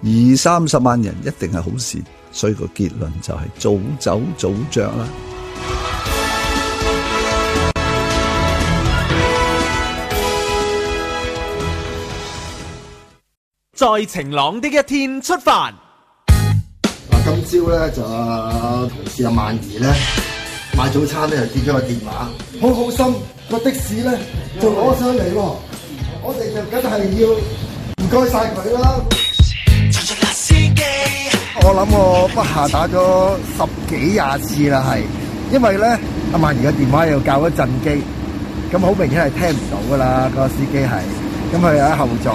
民，二三十萬人一定係好事，所以個結論就係早走早着啦。在晴朗的一天出發。今朝咧就同事阿曼兒咧買早餐咧就接咗個電話，好好心個的士咧就攞上嚟喎，我哋就梗係要唔該晒佢啦。我諗我不下打咗十幾廿次啦，係因為咧阿曼兒嘅電話又較咗震機，咁好明顯係聽唔到噶啦，個司機係，咁佢喺後座。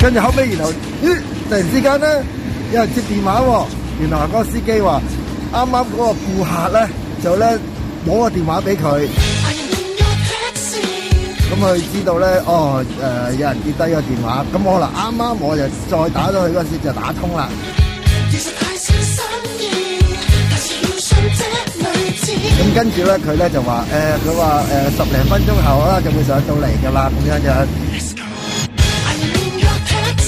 跟住後尾，然後咦，突然之間咧，有人接電話喎，原來嗰個司機話啱啱嗰個顧客咧就咧攞個電話俾佢，咁佢知道咧，哦誒，有人跌低個電話，咁可能啱啱我就再打咗佢嗰時就打通啦。咁跟住咧，佢咧就話誒，佢話誒十零分鐘後啊，就會上到嚟㗎啦，咁樣就。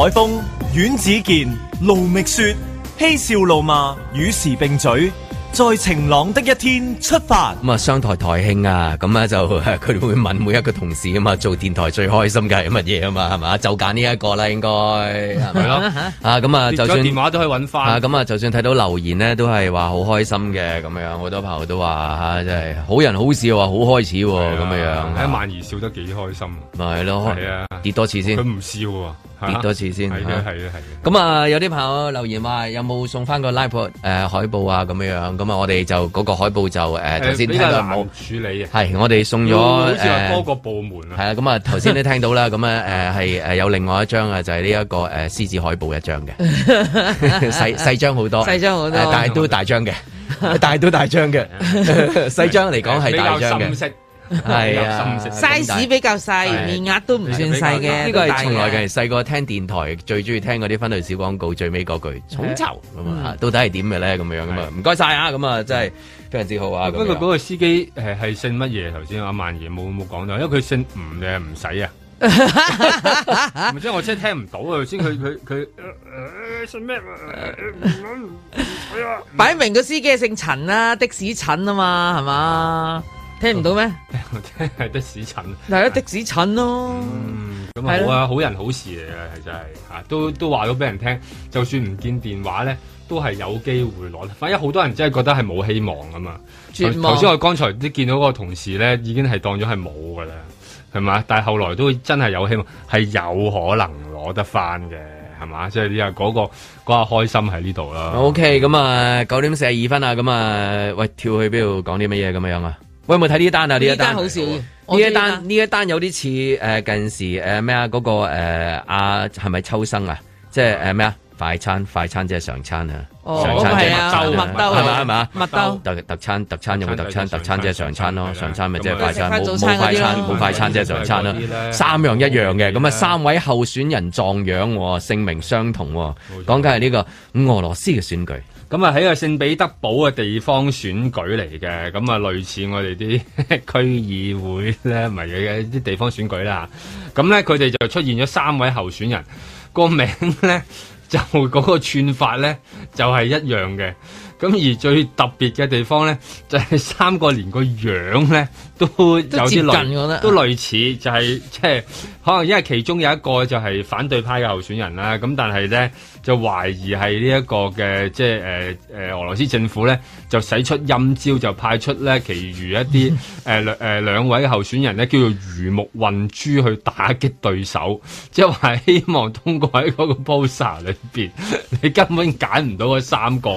海峰、阮子健、盧覓雪、嬉笑怒罵與時並嘴在晴朗的一天出發。咁啊，商台台慶啊，咁啊就佢會問每一個同事啊嘛，做電台最開心嘅係乜嘢啊嘛，係嘛？ [LAUGHS] 就揀呢一個啦，應該係咪咯？ [LAUGHS] 啊，咁啊，就算電話都可以搵翻。啊，咁啊，就算睇到留言呢都係話好開心嘅咁樣。好多朋友都話吓，真係好人好事話好開始咁、啊、樣。喺萬兒笑得幾開心，咪係啊跌多、啊啊、次先，佢唔笑、啊。跌多次先，係啊係咁啊，有啲朋友留言話，有冇送翻個 Live 拉幅、誒海報啊？咁樣樣，咁啊，我哋就嗰個海報就誒，頭先睇到。冇處理啊。係我哋送咗誒，多個部門係啊，咁啊，頭先你聽到啦，咁啊，誒係誒有另外一張啊，就係呢一個誒獅子海報一張嘅，細細張好多，細張好多，但係都大張嘅，但係都大張嘅，細張嚟講係大張嘅。係啊，size 比較細，面額都唔算細嘅。呢個係從來嘅，細個聽電台最中意聽嗰啲分類小廣告，最尾嗰句重酬咁啊，到底係點嘅咧？咁樣咁啊，唔該晒啊！咁啊，真係非常之好啊！不過嗰個司機誒係姓乜嘢？頭先阿萬爺冇冇講到，因為佢姓吳嘅，唔使啊，唔知我真係聽唔到啊！頭先佢佢佢姓咩？擺明個司機係姓陳啊，的士陳啊嘛，係嘛？聽唔到咩？聽係的士陳，係啊，的士陳咯，咁好啊！的好人好事嚟啊，係真係都都話咗俾人聽。就算唔見電話咧，都係有機會攞。反正好多人真係覺得係冇希望噶嘛。頭先望我剛才都見到個同事咧，已經係當咗係冇噶啦，係嘛？但係後來都真係有希望，係有可能攞得翻嘅，係嘛？即係呢個嗰個嗰、嗰個開心喺呢度啦。OK，咁啊，九點四十二分啊，咁啊，喂，跳去邊度講啲乜嘢咁樣啊？喂，有冇睇呢單啊？呢一單好少。呢一單，呢一單有啲似誒，近時誒咩啊？嗰個誒阿係咪秋生啊？即係誒咩啊？快餐快餐，即係常餐啊，常餐即係麥兜，麥兜係咪係咪麥兜特特餐，特餐，有冇特餐？特餐即係常餐咯，常餐咪即係快餐，冇快餐，冇快餐即係常餐啦，三樣一樣嘅咁啊！三位候選人撞樣，姓名相同，講緊係呢個俄羅斯嘅選舉。咁啊，喺個聖彼得堡嘅地方選舉嚟嘅，咁啊類似我哋啲區議會咧，唔係嘅啲地方選舉啦。咁咧，佢哋就出現咗三位候選人，個名咧就嗰個串法咧就係一樣嘅。咁而最特別嘅地方咧，就係三個連個樣咧都有啲近，啊、都類似，就係即係可能因為其中有一個就係反對派嘅候選人啦。咁但係咧，就懷疑係呢一個嘅，即係誒誒俄羅斯政府咧，就使出陰招，就派出咧，其餘一啲誒誒兩位候選人咧，叫做魚目混珠去打擊對手，即係話希望通過喺嗰個 poster 裏邊， [LAUGHS] 你根本揀唔到嗰三個，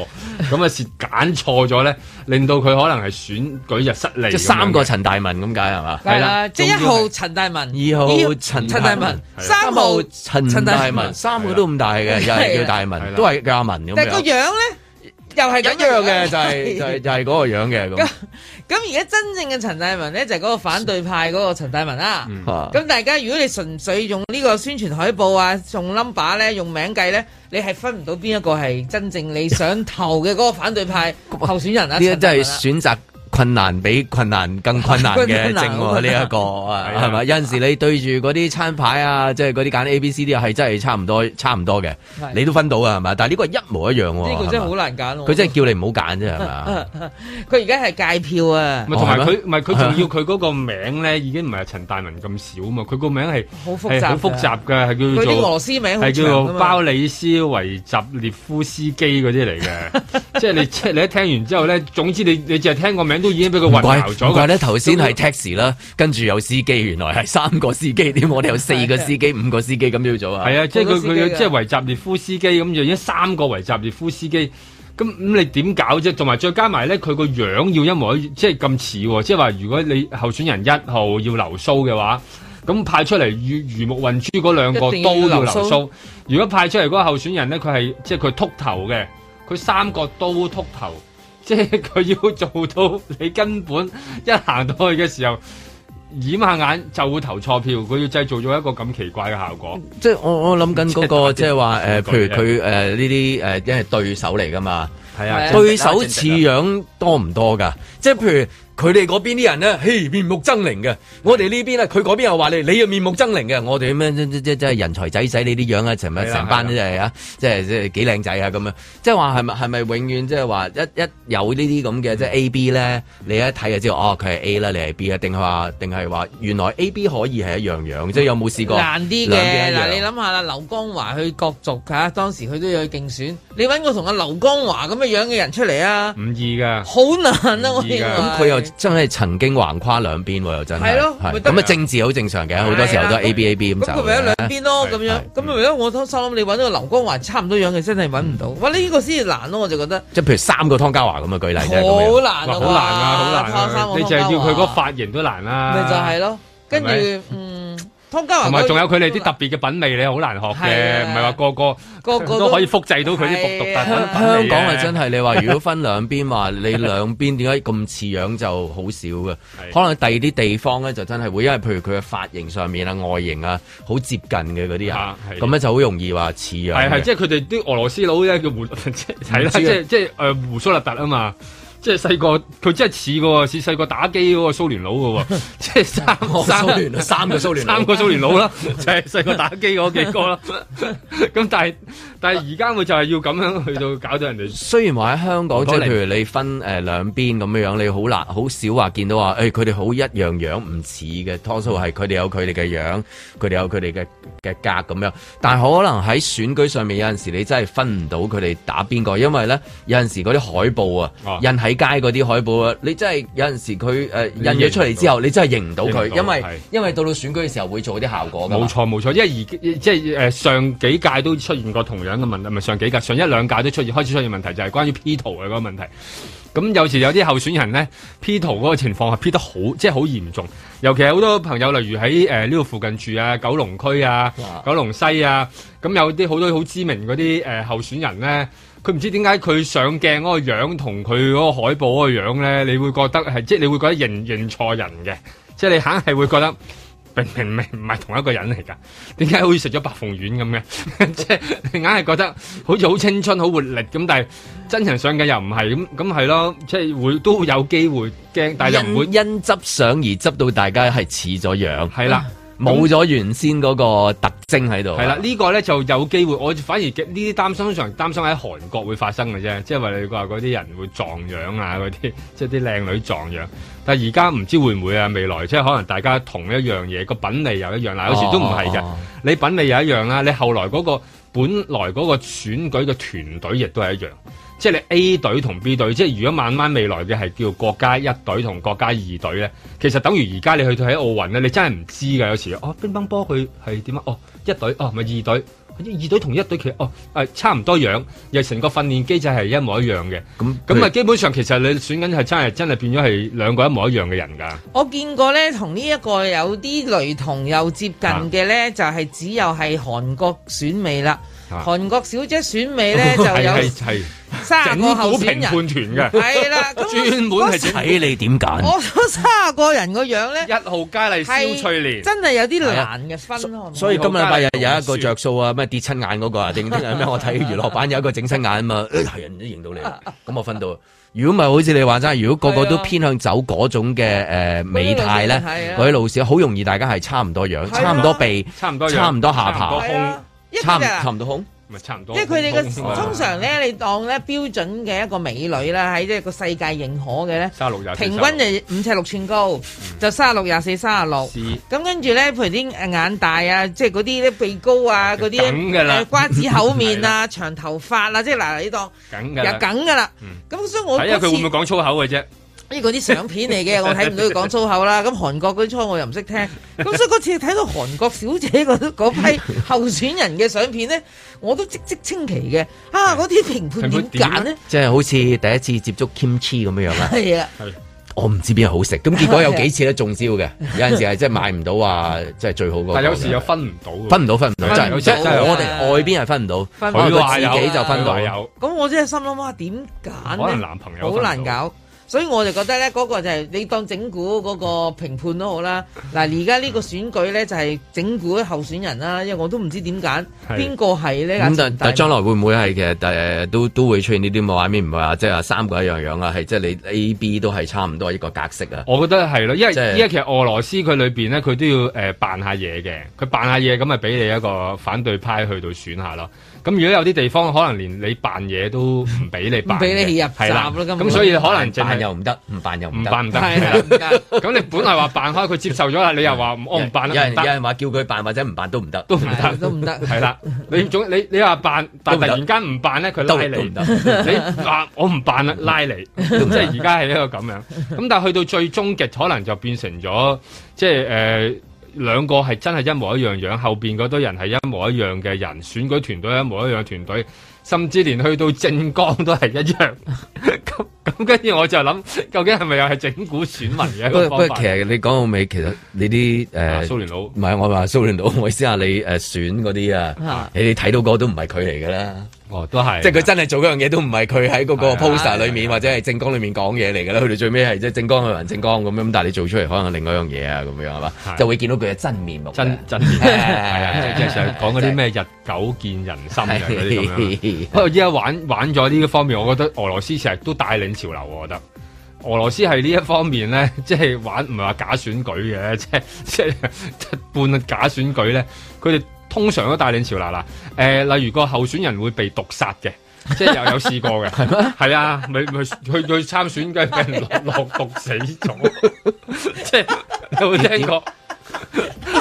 咁啊，是揀錯咗咧，令到佢可能係選舉就失利。即三個陳大文咁解係嘛？係啦了，一、即係、號陳大文，二號陳大文，大文了三號陳，陳，大了陳大文，三個都咁大嘅。了了大文都係叫阿文咁樣，但係個樣咧又係一樣嘅，就係就係就係嗰個樣嘅咁。咁而家真正嘅陳大文咧，就係嗰個反對派嗰個陳大文啦。咁大家如果你純粹用呢個宣傳海報啊，用 number 咧，用名計咧，你係分唔到邊一個係真正你想投嘅嗰個反對派候選人啊？呢啲真係選擇。困難比困難更困難嘅證喎，呢一個係嘛、 [LAUGHS] 啊？有陣時候你對住嗰啲餐牌啊，即係嗰啲揀 A、B、C 啲，係真係差唔多，差唔多嘅，是你都分到啊，係咪？但係呢個是一模一樣喎，啊，呢個真係好吧難揀。佢真係叫你唔好揀啫，係嘛，啊？佢而家係戒票啊，同埋佢，咪佢仲要佢嗰個名咧，已經唔係陳大文咁少嘛，佢個名係好複雜的，好複雜嘅，係叫做俄羅斯名字，係叫做包里斯維什列夫斯基嗰啲嚟嘅，即係 [LAUGHS] 你即你一聽完之後咧，總之你你淨係聽個名都已佢咗。唔怪咧，頭先係 taxi 啦，ta xi, 會跟住有司機，原來係三個司機，點我哋有四個司機，的五個司機咁要做啊？係啊，即係佢佢即係維扎列夫司機咁樣，就三個維扎列夫司機，咁咁你點搞啫？同埋再加埋咧，佢個樣要一模即係咁似，即係話、哦、如果你候選人一號要留鬚嘅話，咁派出嚟魚目混珠嗰兩個都要留鬚。留宿如果派出嚟嗰個候選人咧，佢係即係佢禿頭嘅，佢三個都禿頭。嗯即係佢要做到，你根本一行到去嘅時候，掩下眼就會投錯票。佢要製造咗一個咁奇怪嘅效果。即係我我諗緊嗰個，即係話誒，譬如佢誒呢啲誒，因為對手嚟噶嘛，係啊，對手似樣多唔多噶？即係譬如。佢哋嗰邊啲人咧，嘿，面目猙獰嘅。我哋呢邊咧，佢嗰邊又話你，你又面目猙獰嘅。我哋咁樣即係係人才仔仔你啲樣啊？成日成班都係啊，即係即係幾靚仔啊？咁樣即係話係咪係咪永遠即係話一一有這這呢啲咁嘅即係 A B 咧？你一睇就知道哦，佢係 A 啦，你係 B 啊？定係話定係話原來 A B 可以係一樣樣？即係有冇試過難啲嘅？嗱，你諗下啦，劉江華去角逐噶，當時佢都要去競選。你揾個同阿劉江華咁嘅樣嘅人出嚟啊？唔易噶，好難啊！我覺得，但佢又。真係曾經橫跨兩邊喎，又真係。係咯，咁啊政治好正常嘅，好多時候都 A B A B 咁就。咁佢咪喺兩邊咯，咁樣。咁咪喺我心諗，你揾個劉光華差唔多樣嘅，真係揾唔到。哇！呢個先至難咯，我就覺得。即係譬如三個湯家驊咁嘅舉例。真係好難啊！好難啊！好難啊！你淨係要佢個髮型都難啦。咪就係咯，跟住嗯。同埋仲有佢哋啲特別嘅品味，你好難學嘅，唔係話個個個都可以複製到佢啲獨獨特品品味。香港啊，真係你話，如果分兩邊話， [LAUGHS] 你兩邊點解咁似樣就好少嘅？啊、可能第二啲地方咧，就真係會，因為譬如佢嘅髮型上面啊、外形啊，好接近嘅嗰啲人，咁咧、啊啊、就好容易話似樣。係係、啊，即係佢哋啲俄羅斯佬咧，叫胡，即係 [LAUGHS] 啦、啊，即係即係誒鬍鬚立特啊嘛。即係細個，佢真係似個似細個打機嗰個蘇聯佬個喎，即係三個蘇聯，三個蘇聯，三個蘇聯佬啦，就係細個打機嗰幾個啦。咁但係但係而家佢就係要咁樣去到搞到人哋。雖然話喺香港，即係譬如你分誒兩邊咁樣樣，你好難好少話見到話，誒佢哋好一樣樣唔似嘅，多數係佢哋有佢哋嘅樣，佢哋有佢哋嘅嘅格咁樣。但係可能喺選舉上面有陣時你真係分唔到佢哋打邊個，因為咧有陣時嗰啲海報啊，人係。街嗰啲海報啊，你真係有陣時佢誒印咗出嚟之後，你，認你真係認唔到佢，因為是因為到到選舉嘅時候會做啲效果。冇錯冇錯，因為而即係誒上幾屆都出現過同樣嘅問題，唔係上幾屆上一兩屆都出現開始出現問題就是，就係關於 P 圖嘅嗰個問題。咁有時有啲候選人咧 P 圖嗰個情況係 P 得好即係好嚴重，尤其係好多朋友例如喺誒呢度附近住啊，九龍區啊，哇九龍西啊，咁有啲好多好知名嗰啲誒候選人咧。佢唔知點解佢上鏡嗰個樣同佢嗰個海報嗰個樣咧，你會覺得即、即係、你會覺得認認錯人嘅，即、即係、你硬係會覺得明明唔係唔係同一個人嚟㗎，點解好似食咗白鳳丸咁嘅？即係硬係覺得好似好青春、好活力咁，但係真人上鏡又唔係咁，咁係咯，即係、啊即係、會都有機會驚，但係又唔會因，因執相而執到大家係似咗樣。係、嗯、啦。嗯冇咗原先嗰個特徵喺度，係啦，呢、 [MUSIC] 呢個呢就有機會，我反而呢啲擔心通常擔心喺韓國會發生嘅啫，即係話你話嗰啲人會撞樣啊，嗰啲即係啲靚女撞樣。但而家唔知會唔會啊？未來即係可能大家同一樣嘢，個品味又一樣，嗱有時都唔係嘅。哦、你品味又一樣啦，你後來嗰、嗰個本來嗰個選舉嘅團隊亦都係一樣。即係你 A 隊同 B 隊，即係如果慢慢未來嘅係叫國家一隊同國家二隊咧，其實等於而家你去到喺奧運咧，你真係唔知噶有時候。哦，乒乓波佢係點啊？哦，一隊哦，唔係二隊，二隊同一隊其實哦誒、哎、差唔多樣，又成個訓練機制係一模一樣嘅。咁咁啊，基本上其實你選緊係真係真係變咗係兩個一模一樣嘅人噶。我見過咧，同呢一個有啲雷同又接近嘅咧，就係、是、只有係韓國選美啦。韓國小姐選美咧就有。 [LAUGHS] 三廿個候選人嘅，係啦，專門係睇你點揀。我三廿個人個樣咧，一號佳麗蕭翠蓮真係有啲難嘅分。所以今日拜日有一個着數啊，咩跌親眼嗰個啊，定係咩我睇娛樂版有一個整親眼啊嘛，人都認到你咁我分到。如果唔係好似你話齋，如果個個都偏向走嗰種嘅誒美態咧，嗰啲路綫好容易大家係差唔多樣，差唔多鼻，差唔多，差唔多下巴，差差唔多胸。差唔多，即係佢哋嘅通常咧，你當咧標準嘅一個美女啦，喺即係個世界認可嘅咧，卅六平均就五尺六寸高，就卅六廿四、卅六，咁跟住咧，譬如啲誒眼大啊，即係嗰啲鼻高啊，嗰啲瓜子口面啊，長頭髮啊，即係嗱嗱你當，又梗㗎啦，咁所以我睇下佢會唔會講粗口嘅啫。呢嗰啲相片嚟嘅，我睇唔到佢講粗口啦。咁韓國嗰啲粗口我又唔識聽，咁所以嗰次睇到韓國小姐嗰嗰批候選人嘅相片咧，我都即即清奇嘅。啊，嗰啲評判點揀呢？即係好似第一次接觸 kimchi 咁樣樣。係啊，啊我唔知邊個好食。咁結果有幾次都中招嘅，啊啊、有陣時係即係買唔到話即係最好嗰、嗰個、但有時又分唔到，分唔到，分唔到，真係、即係、我哋外邊係分唔到。啊、佢自己就分到。咁我真係心諗話點揀？男朋友。好難搞。所以我就覺得咧，嗰個就係你當整蠱嗰個評判都好啦。嗱，而家呢個選舉咧就係整蠱候選人啦，因為我都唔知點揀邊個係咧。咁但但係將來會唔會係其實誒都都會出現呢啲咁嘅畫面？唔係話即係話三個一樣樣啊，係即係你 A、B 都係差唔多一個格式啊。我覺得係咯，因為依家、即係、其實俄羅斯佢裏面咧，佢都要呃、扮下嘢嘅，佢扮下嘢咁咪俾你一個反對派去到選下咯。咁如果有啲地方可能連你扮嘢都唔俾你辦，唔俾你入閘咯咁。咁所以可能辦又唔得，唔辦又唔辦唔得。咁你本來話辦開，佢接受咗啦，你又話唔我唔辦啦。有人有人話叫佢辦或者唔辦都唔得，都唔得，都唔得。係啦，你總你你話辦，辦突然間唔辦咧，佢拉你。你我我唔辦啦，拉你。即係而家係一個咁樣。咁但係去到最終極，可能就變成咗即係誒。兩個係真係一模一樣樣，後面嗰堆人係一模一樣嘅人，選舉團隊一模一樣嘅團隊，甚至連去到政綱都係一樣。 [LAUGHS] 咁跟住我就諗，究竟係咪又係整蠱選民嘅？不過，其實你講到尾，其實你啲誒，蘇聯佬唔係，我話蘇聯佬，我意思下你誒選嗰啲啊，你睇到個都唔係佢嚟噶啦。哦，都係，即係佢真係做嗰樣嘢，都唔係佢喺嗰個 poster 裏面或者係政綱裏面講嘢嚟噶啦。佢哋最尾係即係政綱去還政綱咁樣，但係你做出嚟可能係另外樣嘢啊咁樣係嘛，就會見到佢嘅真面目，真真面目。即係想講嗰啲咩日久見人心嘅嗰啲咁樣。不過依家玩玩咗呢個方面，我覺得俄羅斯成日都帶領潮流，我覺得俄羅斯係呢一方面咧，即係玩唔係話假選舉嘅，即係即係半假選舉咧，佢哋通常都帶領潮流啦。誒、呃，例如個候選人會被毒殺嘅，即係又有試過嘅，係咩 [LAUGHS] 嗎？係啊，咪咪去去參選嘅俾人落， [LAUGHS] 落毒死咗， [LAUGHS] 即係有冇聽過？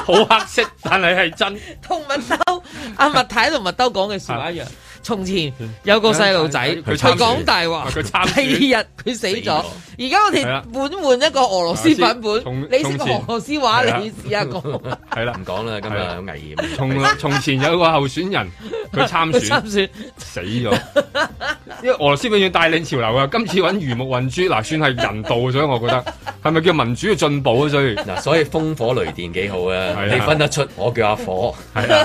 好 [LAUGHS] 黑色，但係係真。同麥兜阿麥、啊、太同麥兜講嘅事一樣。 [LAUGHS] 啊啊啊從前有個細路仔，佢講大話，呢日佢死咗。而家我哋換換一個俄羅斯版本，你用俄羅斯話你試下我。係啦，唔講啦，今日好危險。從從前有個候選人，佢參選，死咗。因為俄羅斯永遠帶領潮流噶，今次揾魚目混珠，嗱算係人道，所以我覺得係咪叫民主嘅進步啊？所以嗱，所以風火雷電幾好啊！你分得出，我叫阿火，係啦，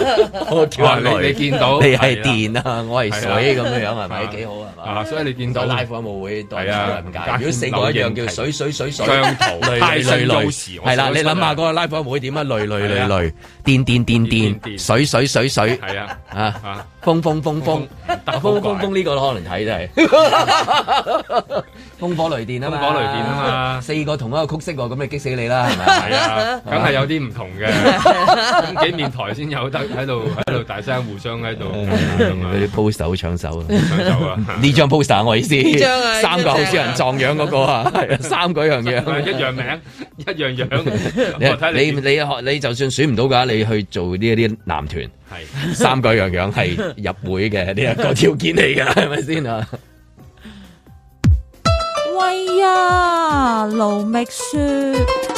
我叫阿雷，你見到你係電啊！我係水咁樣樣係咪幾好係嘛？所以你見到拉火舞會多唔解，如果四個一樣叫水水水水，相圖雷雷雷雷，係啦，你諗下個拉火舞會點啊？雷雷雷雷，電電電電，水水水水，係啊，啊風風風風，但風風風呢個可能睇真係風火雷電啊嘛，風火雷電啊嘛，四個同一個曲式，咁咪激死你啦係咪？係啊，梗係有啲唔同嘅，咁幾面台先有得喺度喺度大聲互相喺度。poster 搶手啊！呢張 poster 我意思， [LAUGHS] 張是三個一好少人撞樣嗰，那個啊， [LAUGHS] 啊，三個一樣樣，一樣名 [LAUGHS] 一樣樣。 [LAUGHS] [LAUGHS] 你 [LAUGHS] 你你，你就算選唔到嘅，你去做呢啲男團， [LAUGHS] 三個一樣樣係入會嘅呢一個條件嚟㗎，係咪先啊？喂啊！盧覓雪。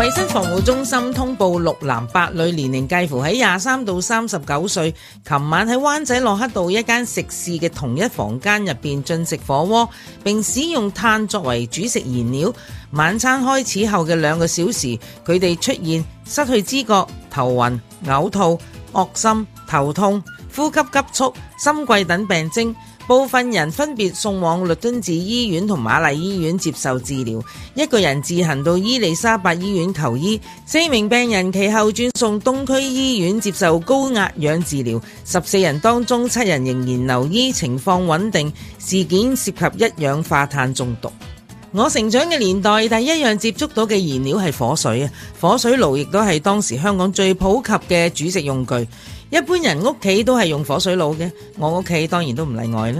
衛生防護中心通報六男八女年齡介乎喺廿三到三十九歲，琴晚喺灣仔洛克道一間食肆嘅同一房間入面進食火鍋，並使用碳作為煮食燃料。晚餐開始後嘅兩個小時，佢哋出現失去知覺、頭暈、嘔吐、惡心、頭痛、呼吸急促、心悸等病徵。部分人分別送往律敦治醫院同瑪麗醫院接受治療，一個人自行到伊利沙伯醫院求醫，四名病人其後轉送東區醫院接受高壓氧治療。十四人當中七人仍然留醫，情況穩定。事件涉及一氧化碳中毒。我成長嘅年代，第一樣接觸到嘅燃料係火水啊，火水爐亦都係當時香港最普及嘅煮食用具。一般人屋企都係用火水爐嘅，我屋企當然都唔例外啦。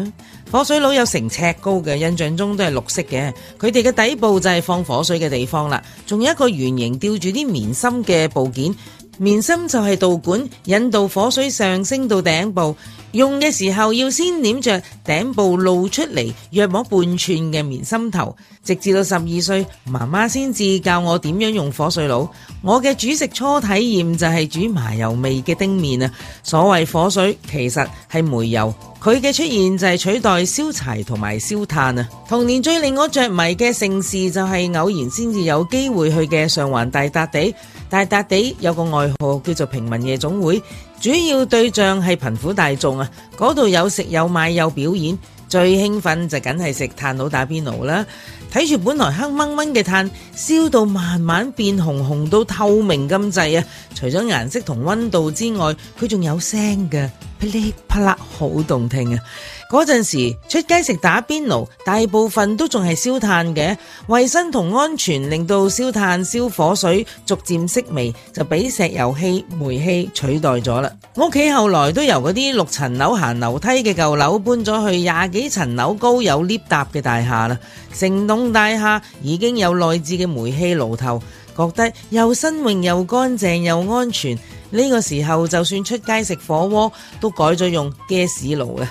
火水爐有成尺高嘅，印象中都係綠色嘅。佢哋嘅底部就係放火水嘅地方啦，仲有一個圓形吊住啲棉芯嘅部件。棉心就係導管，引導火水上升到頂部。用嘅時候要先捻着頂部露出嚟約摸半寸嘅棉心頭，直至到十二歲，媽媽先至教我點樣用火水爐。我嘅主食初體驗就係煮麻油味嘅丁麵啊！所謂火水其實係煤油，佢嘅出現就係取代燒柴同埋燒炭啊！童年最令我着迷嘅盛事就係偶然先至有機會去嘅上環大笪地。大笪地有個外號叫做平民夜總會，主要對象係貧苦大眾啊！嗰度有食有買有表演，最興奮就梗係食炭爐打邊爐啦！睇住本來黑掹掹嘅炭，燒到慢慢變紅，紅到透明咁滯啊！除咗顏色同溫度之外，佢仲有聲㗎，噼里啪啦，好動聽啊！嗰陣時出街食打邊爐，大部分都仲係燒炭嘅，衛生同安全令到燒炭燒火水逐漸式微，就俾石油氣、煤氣取代咗啦。屋企後來都由嗰啲六層樓行樓梯嘅舊樓搬咗去廿幾層樓高有 lift 搭嘅大廈啦。成棟大廈已經有內置嘅煤氣爐頭，覺得又新穎又乾淨又安全。呢個時候就算出街食火鍋都改咗用嘅士爐啦。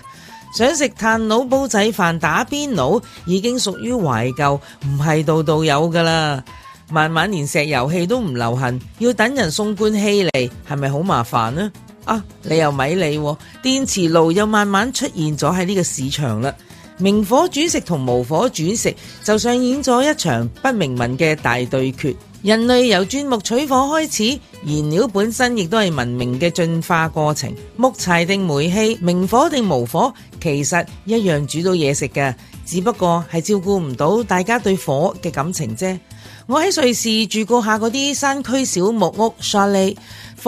想食炭爐煲仔飯打邊爐，已經屬於懷舊，唔係度度有噶啦。慢慢連石油氣都唔流行，要等人送罐氣嚟，係咪好麻煩呢？啊，你又咪理，電磁爐又慢慢出現咗喺呢個市場啦。明火煮食同無火煮食，就上演咗一場不明文嘅大對決。人類由鑽木取火開始，燃料本身亦都係文明嘅進化過程。木柴定煤氣，明火定無火，其實一樣煮到嘢食嘅，只不過係照顧唔到大家對火嘅感情啫。我喺瑞士住過下嗰啲山區小木屋，Chalet，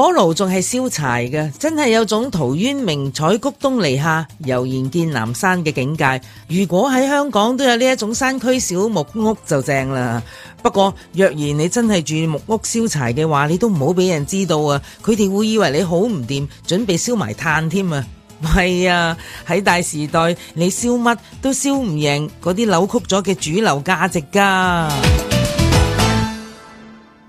火爐仲係燒柴嘅，真係有種陶淵明採菊東籬下，悠然見南山嘅境界。如果喺香港都有呢一種山區小木屋就正啦。不過若然你真係住木屋燒柴嘅話，你都唔好俾人知道啊，佢哋會以為你好唔掂，準備燒埋炭添啊。係啊，喺大時代你燒乜都燒唔贏嗰啲扭曲咗嘅主流價值噶。